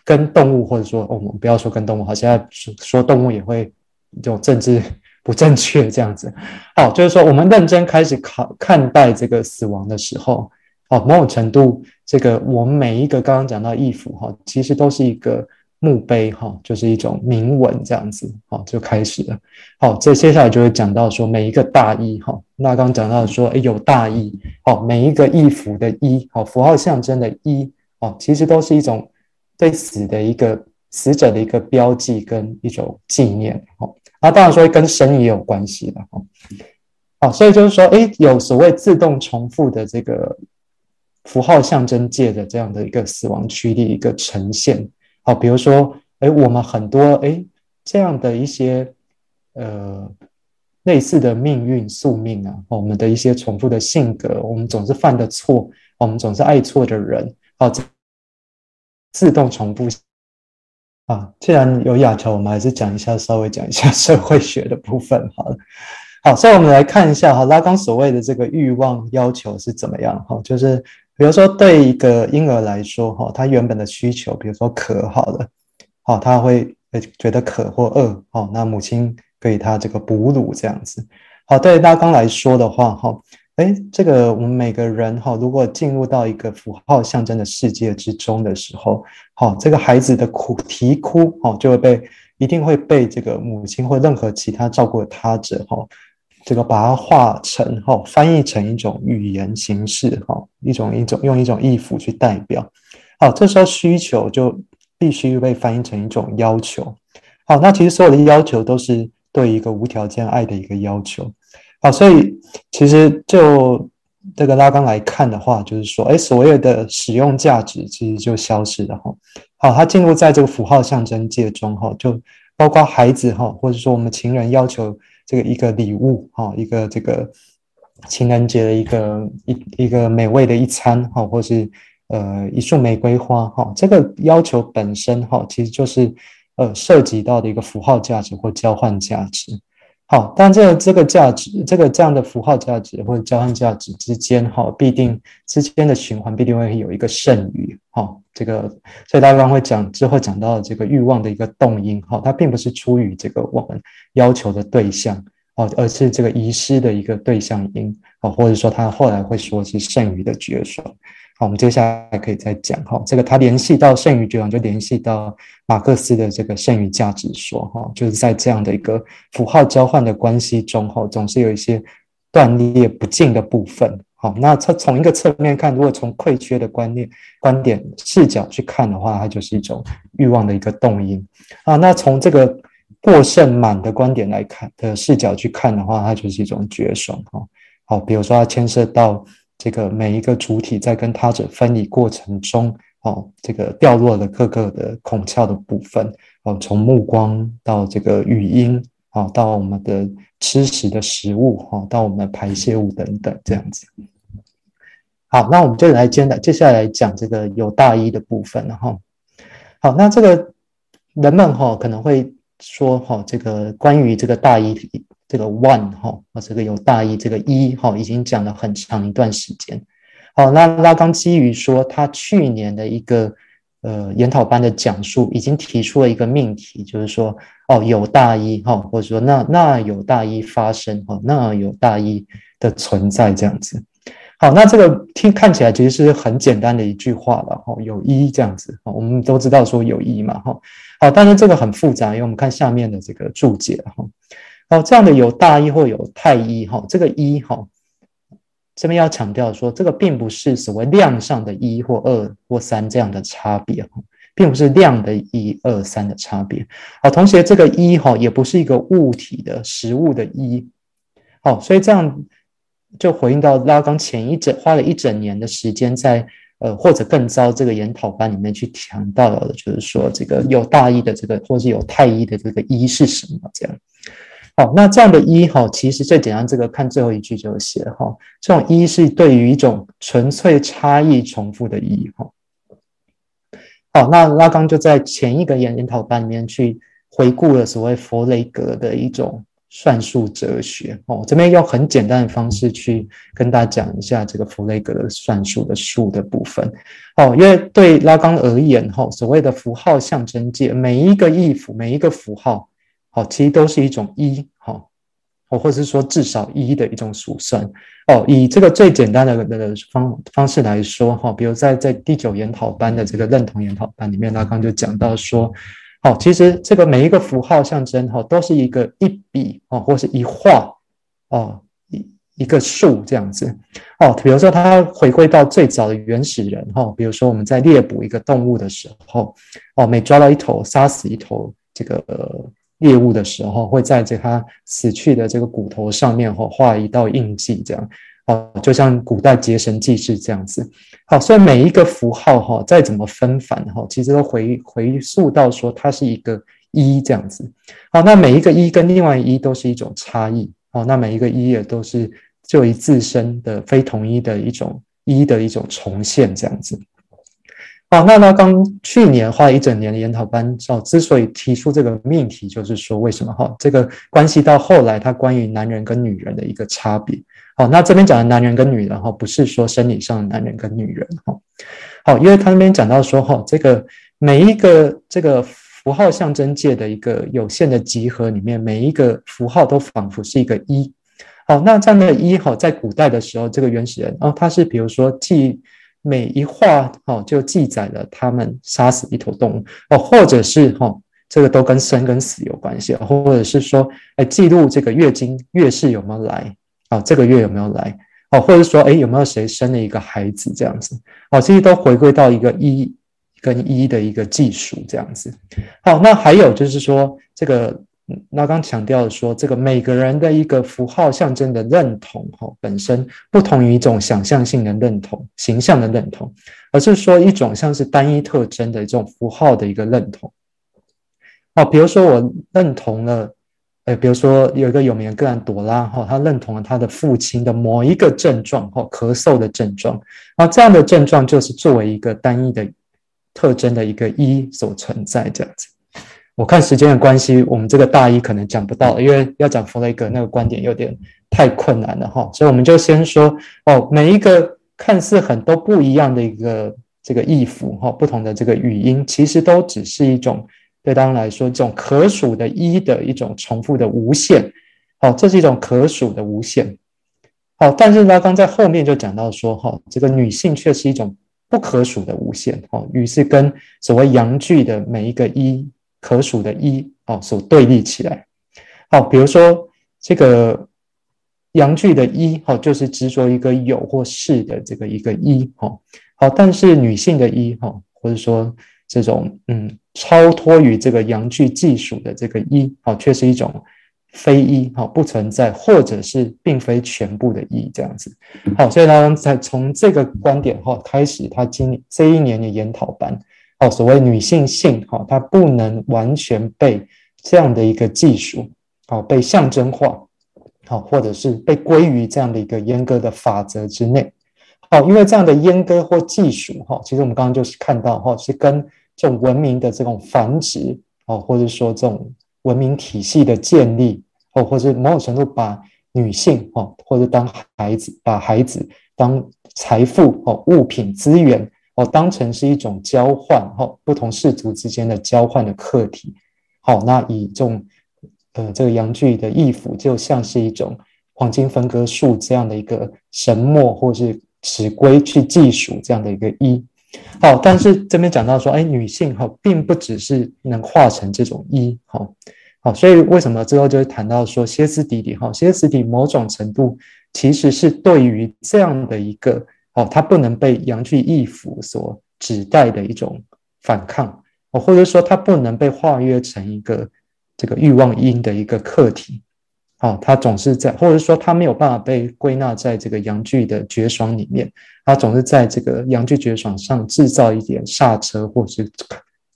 跟動物，或者說、哦、我們不要說跟動物，好，現在說說動物也會有政治不正確這樣子。好，就是說我們認真開始考看待這個死亡的時候，哦，某種程度，這個我們每一個剛剛講到義符，哈、哦，其實都是一個墓碑，哈、哦，就是一種銘文這樣子，好、哦，就開始了。好、哦，這接下來就會講到說每一個大一，哈、哦，那剛剛講到說、欸，有大一，哦，每一個義符的一，好、哦，符號象徵的一，哦，其實都是一種。對死的一個死者的一個標記跟一種紀念，哦，它、啊、當然說跟生也有關係的、哦，哈，所以就是說，哎，有所謂自動重複的這個符號象徵界的這樣的一個死亡驅力的一個呈現，好，比如說，哎，我們很多哎這樣的一些呃類似的命運宿命啊、哦，我們的一些重複的性格，我們總是犯的錯，我們總是愛錯的人，好、哦。自動重複啊！既然有要求，我們還是講一下，稍微講一下社會學的部分好了。好，所以我們來看一下哈，拉岡所謂的這個欲望要求是怎麼樣哈、哦，就是比如說，對一個嬰兒來說哈，他、哦、原本的需求，比如說渴，好了，好、哦，他會呃覺得渴或餓，好、哦，那母親給他這個哺乳這樣子。好，對拉岡來說的話哈。哦哎，這個我們每個人哈、哦，如果進入到一個符號象徵的世界之中的時候，哈、哦，這個孩子的哭啼哭哈、哦，就會被一定會被這個母親或任何其他照顧的他者哈、哦，這個把它化成哈、哦，翻譯成一種語言形式哈、哦，一種一種用一種意符去代表，好、哦，這時候需求就必須被翻譯成一種要求，好、哦，那其實所有的要求都是對一個無條件愛的一個要求。好，所以其實就這個拉岡來看的話，就是說，哎，所有的使用價值其實就消失了哈。好，它進入在這個符號象徵界中哈，就包括孩子哈，或者說我們情人要求這個一個禮物哈，一個這個情人節的一個一一個美味的一餐哈，或是呃一束玫瑰花哈，這個要求本身哈，其實就是呃涉及到的一個符號價值或交換價值。好，當然這個、這個價值，這個這樣的符號價值或者交換價值之間，哈、哦，必定之間的循環必定會有一個剩餘，哈、哦，這個，所以大家剛剛會講之後講到這個欲望的一個動因，哈、哦，它並不是出於這個我們要求的對象，哦，而是這個遺失的一個對象因，哦，或者說他後來會說是剩餘的絕爽好，我們接下來還可以再講哈。這個它聯繫到剩餘絕爽，就聯繫到馬克思的這個剩餘價值說哈。就是在這樣的一個符號交換的關係中，哈，總是有一些斷裂不盡的部分。好，那它從一個側面看，如果從匱缺的觀念觀點視角去看的話，它就是一種欲望的一個動因啊。那從這個過剩滿的觀點來看的視角去看的話，它就是一種絕爽哈。好，比如說它牽涉到。這個每一個主體在跟他者分離過程中，哦，這個掉落了各個的孔竅的部分，哦，從目光到這個語音，好、哦，到我們的吃食的食物，哈、哦，到我們的排泄物等等，這樣子。好，那我們就來接來接下來講這個有大衣的部分了哈、哦。好，那這個人們哈、哦、可能會說哈、哦，這個關於這個大衣。這個 One 哈，啊，這個有大一，這個一哈，已經講了很長一段時間。好，那拉岡基於說他去年的一個呃研討班的講述，已經提出了一個命題，就是說哦，有大一哈，或者說那那有大一發生哈，那有大一的存在這樣子。好，那這個聽看起來其實是很簡單的一句話了哈，有一這樣子啊，我們都知道說有一嘛哈。好，但是這個很複雜，因為我們看下面的這個注解哈。哦，這樣的有大一或有太一哈，這個一哈，這邊要強調說，這個並不是所謂量上的“一”或“二”或“三”這樣的差別，並不是量的一二三的差別。好，同學，這個“一”哈，也不是一個物體的實物的“一”。好，所以這樣就回應到拉岡前一整花了一整年的時間在呃，或者更糟，這個研討班裡面去強調的，就是說這個有大一的這個，或是有太一的這個“一”是什麼？這樣。好，那這樣的“一”哈，其實最簡單，這個看最後一句就寫哈。這種“一”是對於一種純粹差異重複的“一”哈。好，那拉岡就在前一個研討班裡面去回顧了所謂弗雷格的一種算術哲學哦。這邊用很簡單的方式去跟大家講一下這個弗雷格的算術的數的部分哦。因為對拉岡而言哈，所謂的符號象徵界，每一個意符，每一個符號。好，其實都是一種一，哈，哦，或者是說至少一的一種數算，哦，以這個最簡單的那個方方式來說，哈，比如在在第九研討班的這個認同研討班裡面，拉岡，剛就講到說，哦，其實這個每一個符號象徵，哈，都是一個一筆，哦，或是一畫，哦，一一個數這樣子，哦，比如說它回歸到最早的原始人，哈，比如說我們在獵捕一個動物的時候，哦，每抓到一頭，殺死一頭，這個。獵物的時候，會在這他死去的這個骨頭上面哈、哦、畫一道印記，這樣，哦，就像古代結繩記事這樣子，好，所以每一個符號哈、哦、再怎麼紛繁哈，其實都回回溯到說它是一個一這樣子，好，那每一個一跟另外一都是一種差異，哦，那每一個一也都是就一自身的非同一的一種一的一種重現這樣子。好，那拉岡去年花了一整年的研討班，哦、之所以提出這個命題，就是說為什麼？哈、哦，這個關係到後來他關於男人跟女人的一個差別。好、哦，那這邊講的男人跟女人，哈、哦，不是說生理上的男人跟女人，哈、哦，好、哦，因為他那邊講到說，哈、哦，這個每一個這個符號象徵界的一個有限的集合裡面，每一個符號都仿佛是一個一。好，那這樣的一個一，哈，在古代的時候，這個原始人啊、哦，他是比如說記。每一畫，哈，就記載了他們殺死一頭動物，哦，或者是哈，這個都跟生跟死有關係，哦，或者是說，哎，記錄這個月經月事有沒有來，哦，這個月有沒有來，哦，或者說，哎，有沒有誰生了一個孩子，這樣子，哦，這些都回歸到一個一跟一的一個計數，這樣子，好，那還有就是說這個。那剛強調的說，這個每個人的一個符號象徵的認同哈、哦，本身不同於一種想象性的認同、形象的認同，而是說一種像是單一特徵的這種符號的一個認同。哦，比如說我認同了，哎、呃，比如說有一個有名的個案朵拉哈，她、哦、認同了她的父親的某一個症狀哈、哦，咳嗽的症狀，啊、哦，這樣的症狀就是作為一個單一的特徵的一個一所存在這樣子。我看時間的關係，我們這個大一可能講不到了，因為要講弗雷格那個觀點有點太困難了哈，所以我們就先說哦，每一個看似很多不一樣的一個這個意符哈，不同的這個語音，其實都只是一種對大家來說，這種可數的一的一種重複的無限，好，這是一種可數的無限，好，但是拉岡在後面就講到說哈，這個女性卻是一種不可數的無限，哈，於是跟所謂陽具的每一個一。可數的一哦，所對立起來，好，比如說這個陽具的一哦，就是執着一個有或是的這個一個一哦，好，但是女性的一哦，或者說這種嗯超脫於這個陽具技術的這個一哦，卻是一種非一哈，不存在，或者是並非全部的一這樣子，好，所以他在從這個觀點哈開始，他今年這一年的研討班。所謂女性性哈，它不能完全被這樣的一個技術好，被象徵化好，或者是被歸於這樣的一個閹割的法則之內好，因為這樣的閹割或技術哈，其實我們剛剛就是看到哈，是跟這種文明的這種繁殖哦，或者說這種文明體系的建立，哦，或者某種程度把女性哈，或者當孩子把孩子當財富哦，物品資源、哦，當成是一種交換，哈、哦，不同氏族之間的交換的課題。好，那以這種，呃，這個陽具的意符，就像是一種黃金分割術這樣的一個神墨，或是尺規去計數這樣的一個一。好，但是這邊講到說，哎、欸，女性哈、哦，並不只是能化成這種一。好、哦，好，所以為什麼最後就會談到說歇斯底里？哈、哦，歇斯底里某種程度其實是對於這樣的一個。哦，他不能被陽具意符所指代的一種反抗，哦，或者說他不能被化約成一個這個欲望因的一個客體，哦，他總是在，或者說他沒有辦法被歸納在這個陽具的絕爽裡面，他總是在這個陽具絕爽上制造一點剎車或者是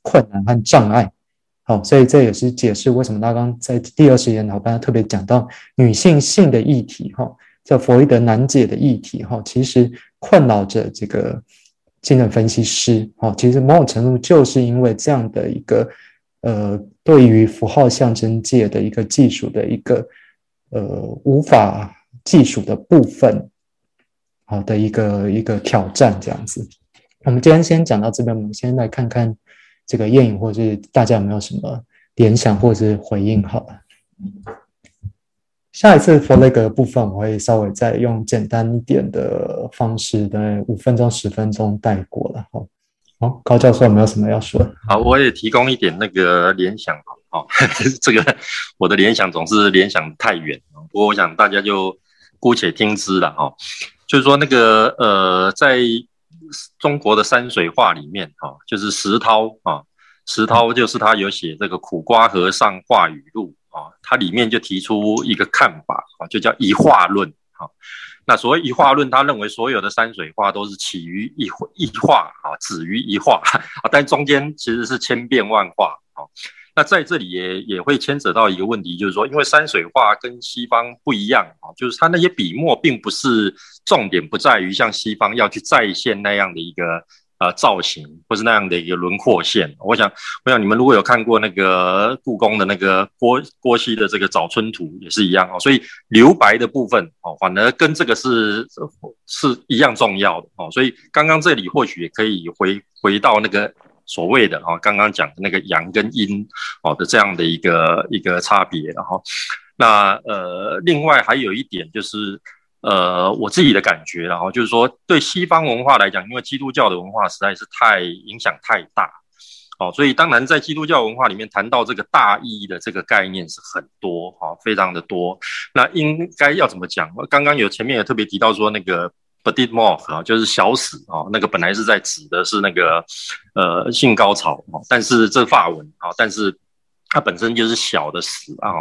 困難和障礙，哦，所以這也是解釋為什麼他剛剛在第二十頁，老班特別講到女性性的議題，哈、哦，這弗洛伊德難解的議題，哈、哦，其實。困擾着這個精神分析師，哦，其實某種程度就是因為這樣的一個，呃，對於符號象徵界的一個技術的一個，呃，無法技術的部分，好、哦、的一個一個挑戰這樣子。我們今天先講到這邊，我們先來看看這個彥穎，或者是大家有沒有什麼聯想或者是回應，好了。下一次 f o l 部分，我會稍微再用簡單一點的方式，等五分鐘、十分鐘帶過了哈。好，高教授有沒有什麼要說的？好，我也提供一點那個聯想哈。哈、哦，這個我的聯想總是聯想太遠，不過我想大家就姑且聽之了哈、哦。就是說那個呃，在中國的山水畫裡面哈、哦，就是石濤啊、哦，石濤就是他有寫這個《苦瓜和尚畫語錄》。啊，它裡面就提出一個看法，啊，就叫一畫論，哈。那所謂一畫論，他認為所有的山水畫都是起於一畫一畫，啊，止於一畫，啊，但中間其實是千變萬化，啊。那在這裡也也會牽扯到一個問題，就是說，因為山水畫跟西方不一樣，啊，就是它那些筆墨並不是重點，不在於像西方要去再現那樣的一個。啊、呃，造型或是那樣的一個輪廓線，我想，我想你們如果有看過那個故宮的那個郭郭熙的這個《早春圖》，也是一樣，哦，所以留白的部分哦，反而跟這個是是一樣重要的哦。所以剛剛這裡或許也可以回回到那個所謂的哈，剛剛講的那個陽跟陰哦的這樣的一個一個差別，哦，那呃，另外還有一點就是。呃，我自己的感覺，然後就是說，對西方文化來講，因為基督教的文化實在是太影響太大，哦，所以當然在基督教文化裡面，談到這個大意義的這個概念是很多，哈、哦，非常的多。那應該要怎麼講？剛剛有前面也特別提到說，那個 petite mort 啊，就是小死啊、哦，那個本來是在指的是那個呃性高潮、哦、但是這法文啊、哦，但是。它本身就是小的死啊，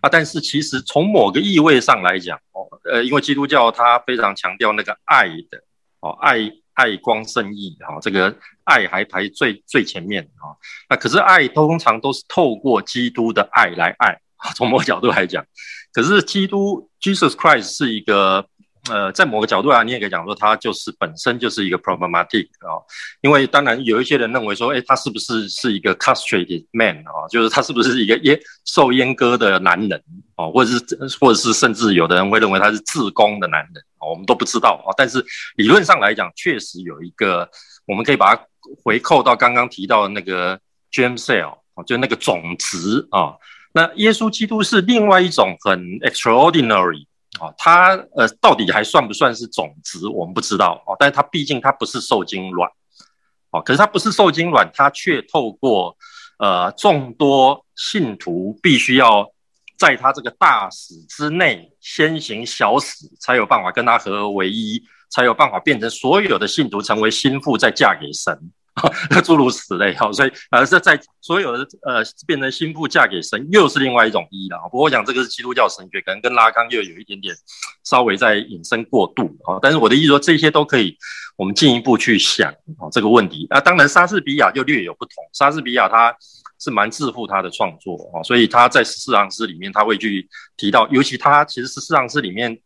啊！但是其實從某個意味上來講，哦，呃，因為基督教它非常強調那個愛的，哦，愛愛光正義哈，這個愛還排最最前面、哦、啊。那可是愛通常都是透過基督的愛來愛啊。從某角度來講，可是基督 Jesus Christ 是一個。呃，在某個角度啊，你也可以講說，他就是本身就是一個 problematic 啊、哦，因為當然有一些人認為說，誒他是不是是一個 castrated man 啊、哦，就是他是不是一個閹受閹割的男人啊、哦，或者是或者是甚至有的人會認為他是自宮的男人啊、哦，我們都不知道啊、哦，但是理論上來講，確實有一個我們可以把它回扣到剛剛提到的那個 germ cell 啊、哦，就那個種子啊、哦，那耶穌基督是另外一種很 extraordinary。哦，它呃，到底還算不算是種子？我們不知道哦。但是它畢竟它不是受精卵，哦，可是它不是受精卵，它卻透過呃眾多信徒必須要在他這個大死之內先行小死，才有辦法跟他合而為一，才有辦法變成所有的信徒成為新婦，再嫁給神。諸 如此類，好，所以呃，在在所有的呃，變成新婦嫁給神，又是另外一種意義了。不過我想這個是基督教神學，可能跟拉康又有一點點稍微在引申過度。但是我的意思說，這些都可以我們進一步去想啊這個問題。那、啊、當然，莎士比亞又略有不同。莎士比亞他是蠻自負他的創作啊，所以他在十四行詩裡面他會去提到，尤其他其實是十四行詩裡面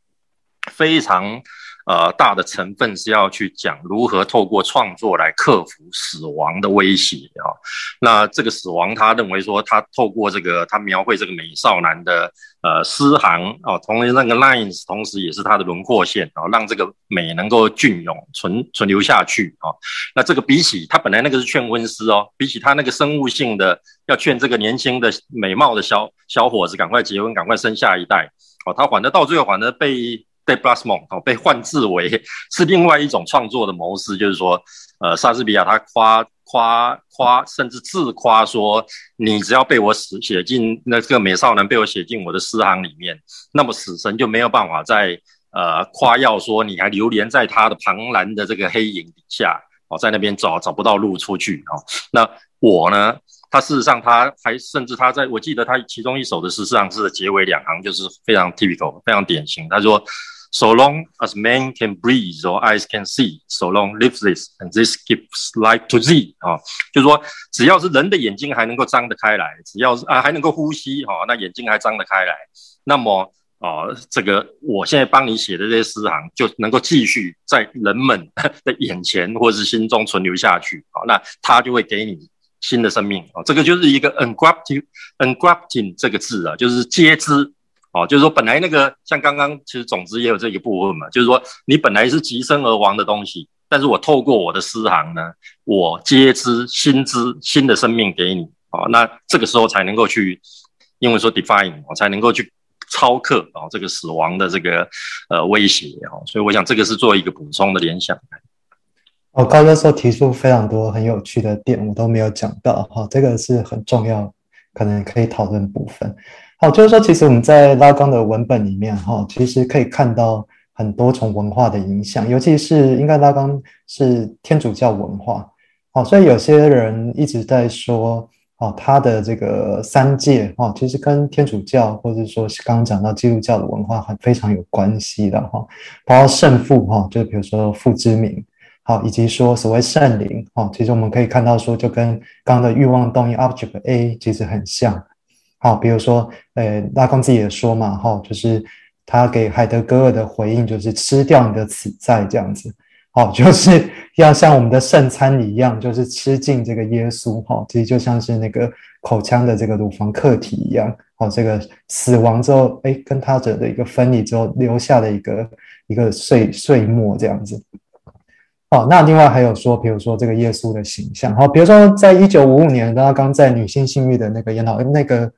非常。呃，大的成分是要去講如何透過創作來克服死亡的威脅啊、哦。那這個死亡，他認為說他透過這個他描繪這個美少男的呃詩行哦，同那個 lines 同時也是他的輪廓線啊、哦，讓這個美能夠雋永存存留下去啊、哦。那這個比起他本來那個是勸婚詩哦，比起他那個生物性的要勸這個年輕的美貌的小小伙子趕快結婚趕快生下一代哦，他反正到最後反正被。l s 被換字為是另外一種創作的模式，就是說，呃，莎士比亞他誇誇誇，甚至自誇說，你只要被我寫寫進那個美少男被我寫進我的詩行裡面，那麼死神就沒有辦法再呃誇耀說你還流連在他的龐然的這個黑影底下哦，在那邊找找不到路出去哦。那我呢，他事實上他還甚至他在我記得他其中一首的詩上是結尾兩行就是非常 typical 非常典型，他說。So long as man can breathe or eyes can see, so long lives this, and this gives life to thee. 啊、哦，就是說，只要是人的眼睛還能夠張得開來，只要是啊還能夠呼吸，哈、哦，那眼睛還張得開來，那麼啊、哦，這個我現在幫你寫的這些詩行就能夠繼續在人們的眼前或是心中存留下去，好、哦，那它就會給你新的生命啊、哦。這個就是一個 engrafting，engrafting 這個字啊，就是接枝。哦，就是說，本來那個像剛剛，其實總之也有這一部分嘛。就是說，你本來是即生而亡的東西，但是我透過我的詩行呢，我接知新知新的生命給你。哦，那這個時候才能夠去，因為說 define，我、哦、才能夠去超克哦，這個死亡的這個呃威脅。哦，所以我想這個是做一個補充的聯想。我、哦、高教授提出非常多很有趣的點，我都沒有講到。哈、哦，這個是很重要，可能可以討論的部分。好，就是說，其實我們在拉岡的文本裡面，哈，其實可以看到很多重文化的影響，尤其是應該拉岡是天主教文化，好，所以有些人一直在說，哦，他的這個三界，哈，其實跟天主教，或者說剛剛講到基督教的文化，很非常有關係的，哈，包括聖父，哈，就比如說父之名，好，以及說所謂聖靈，哦，其實我們可以看到說，就跟剛剛的欲望動因 Object A 其實很像。好，比如說，呃，拉康自己也說嘛，哈、哦，就是他給海德格爾的回應，就是吃掉你的此在這樣子。好、哦，就是要像我們的聖餐一樣，就是吃進這個耶穌，哈、哦，其實就像是那個口腔的這個乳房客體一樣，好、哦，這個死亡之後，哎，跟他者的一個分離之後，留下了一個一個碎碎末這樣子。哦，那另外還有說，比如說這個耶穌的形象，然後比如說在一九五五年拉岡在女性性慾的那個研討那個，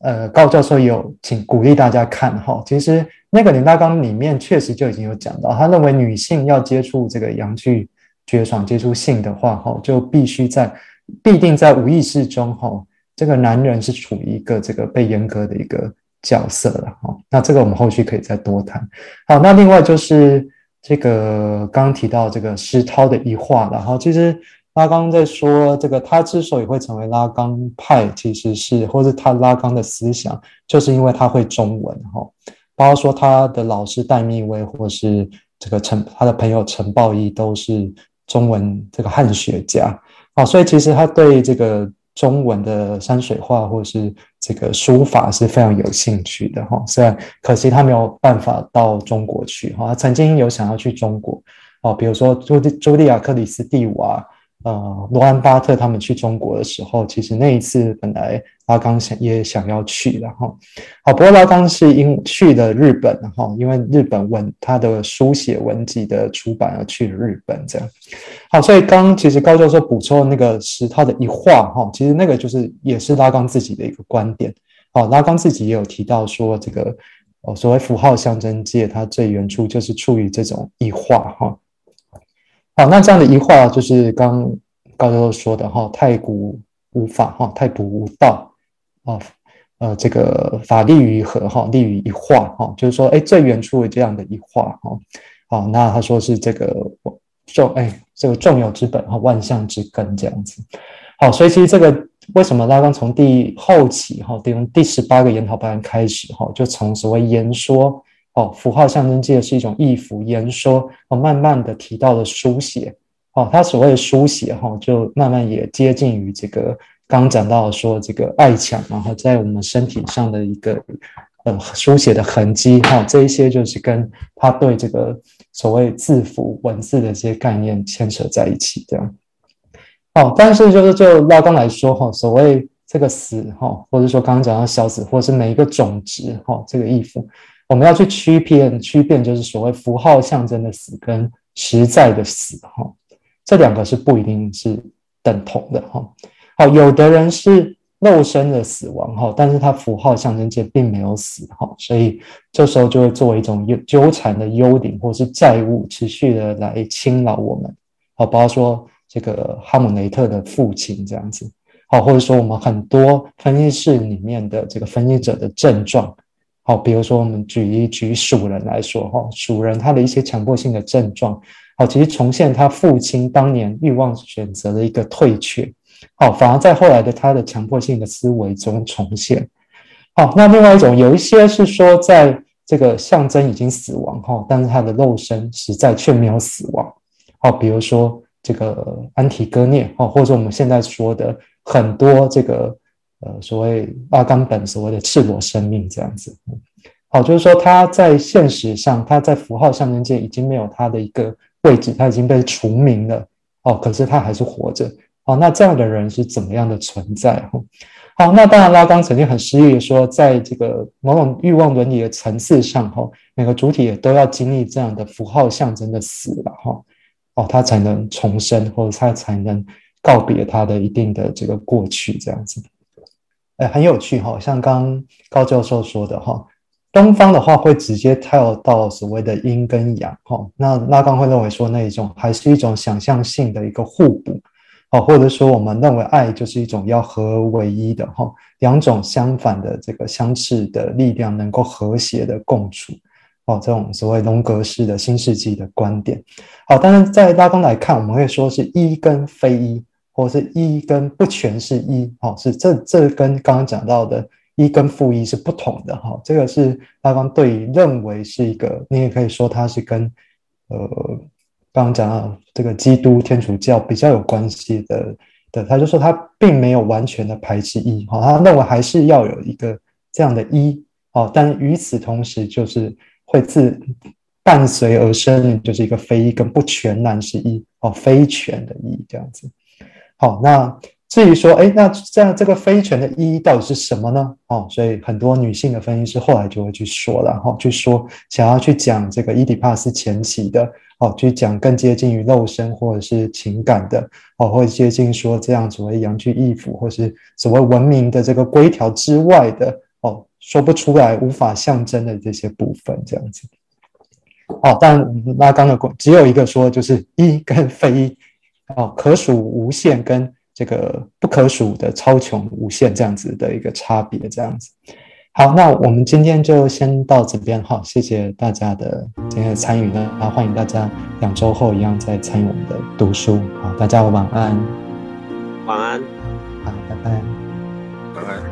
呃高教授有請鼓勵大家看哈，其實那個拉岡裡面確實就已經有講到，他認為女性要接觸這個陽具絕爽，接觸性的話哈，就必須在必定在無意識中哈，這個男人是處於一個這個被閹割的一個角色了哈，那這個我們後續可以再多談。好，那另外就是。這個剛，剛提到這個石濤的一話，然後其實拉岡在說，這個他之所以會成為拉岡派，其實是或者他拉岡的思想，就是因為他會中文，哈，包括說他的老師戴密微，或是這個陳他的朋友陳抱一都是中文這個漢學家，啊，所以其實他對這個。中文的山水畫或是這個書法是非常有興趣的哈，雖然可惜他沒有辦法到中國去哈，他曾經有想要去中國哦，比如說朱朱莉亞克里斯蒂娃，啊。呃，羅安巴特他們去中國的時候，其實那一次本來拉岡想也想要去的，然後好，不過拉岡是因為去了日本，然後因為日本文他的書寫文集的出版而去了日本這樣。好，所以剛其實高教授補充那個是他的異化哈，其實那個就是也是拉岡自己的一個觀點。好，拉岡自己也有提到說這個、哦、所謂符號象徵界，它最原初就是處於這種異化哈。好，那這樣的一畫就是剛高教授說的哈，太古無法哈，太古無道啊，呃，這個法立於何哈，立於一畫哈，就是說哎、欸，最原初的這樣的一畫哈，好，那他說是這個重哎、欸，這個重有之本和萬象之根這樣子。好，所以其實這個為什麼拉岡從第後期哈，從第十八個研討班開始哈，就從所謂言說。哦，符號象徵界是一種意符言說哦，慢慢的提到了書寫哦，它所謂的書寫哈、哦，就慢慢也接近於這個剛講到說這個愛強，然後在我們身體上的一個呃書寫的痕跡哈、哦，這一些就是跟它對這個所謂字符文字的一些概念牽扯在一起這樣哦，但是就是就拉岡來說哈，所謂這個死哈、哦，或者說剛剛講到小死，或是每一個種子哈、哦，這個意符。我們要去區辨，區辨就是所謂符號象徵的死跟實在的死，哈，這兩個是不一定是等同的，哈。好，有的人是肉身的死亡，哈，但是他符號象徵界並沒有死，哈，所以這時候就會作為一種糾纏的幽靈，或是債務持續的來侵擾我們，好，包括說這個哈姆雷特的父親這樣子，好，或者說我們很多分析室裡面的這個分析者的症狀。好，比如說我們舉一舉鼠人來說哈，鼠人他的一些強迫性的症狀，好，其實重現他父親當年欲望選擇的一個退卻，好，反而在後來的他的強迫性的思維中重現。好，那另外一種，有一些是說在這個象徵已經死亡哈，但是他的肉身實在卻沒有死亡。好，比如說這個安提戈涅哈，或者我們現在說的很多這個。呃，所謂阿甘本所謂的赤裸生命這樣子，哦，就是說他在現實上，他在符號象徵界已經沒有他的一個位置，他已經被除名了。哦，可是他還是活着。哦，那這樣的人是怎麼樣的存在？哈，好，那當然，拉岡曾經很詩意的說，在這個某種欲望倫理的層次上，哈，每個主體也都要經歷這樣的符號象徵的死了，哈，哦，哦，他才能重生，或者他才能告別他的一定的這個過去，這樣子。很有趣哈，像剛剛高教授說的哈，東方的話會直接跳到所謂的陰跟陽哈，那拉岡會認為說，那一種還是一種想象性的一個互補好，或者說我們認為愛就是一種要合而為一的哈，兩種相反的這個相斥的力量能夠和諧的共處哦，這種所謂榮格式的新世紀的觀點，好，當然在拉岡來看，我們會說是一跟非一。或是一跟不全是一，哈，是這這跟剛剛講到的一跟負一是不同的，哈，這個是拉岡對於認為是一個，你也可以說它是跟，呃，剛剛講到這個基督天主教比較有關係的，的，他就說他並沒有完全的排斥一，哈，他認為還是要有一個這樣的“一”，哦，但與此同時就是會自伴隨而生，就是一個非一跟不全然是“一”，哦，非全的“一”，這樣子。好，那至於說，哎，那這樣這個非全的意義到底是什麼呢？哦，所以很多女性的分析師後來就會去說了，然、哦、去說想要去講這個伊底帕斯前期的，哦，去講更接近於肉身或者是情感的，哦，或者接近說這樣所謂陽具意符或是所謂文明的這個規條之外的，哦，說不出來、無法象徵的這些部分，這樣子。哦，但那拉岡的只有一個說，就是一跟非一。哦，可數無限跟這個不可數的超窮無限這樣子的一個差別，這樣子。好，那我們今天就先到這邊哈，謝謝大家的今天的參與呢，那、啊、歡迎大家兩週後一樣再參與我們的讀書。好、啊，大家晚安，晚安，好，拜拜，拜拜。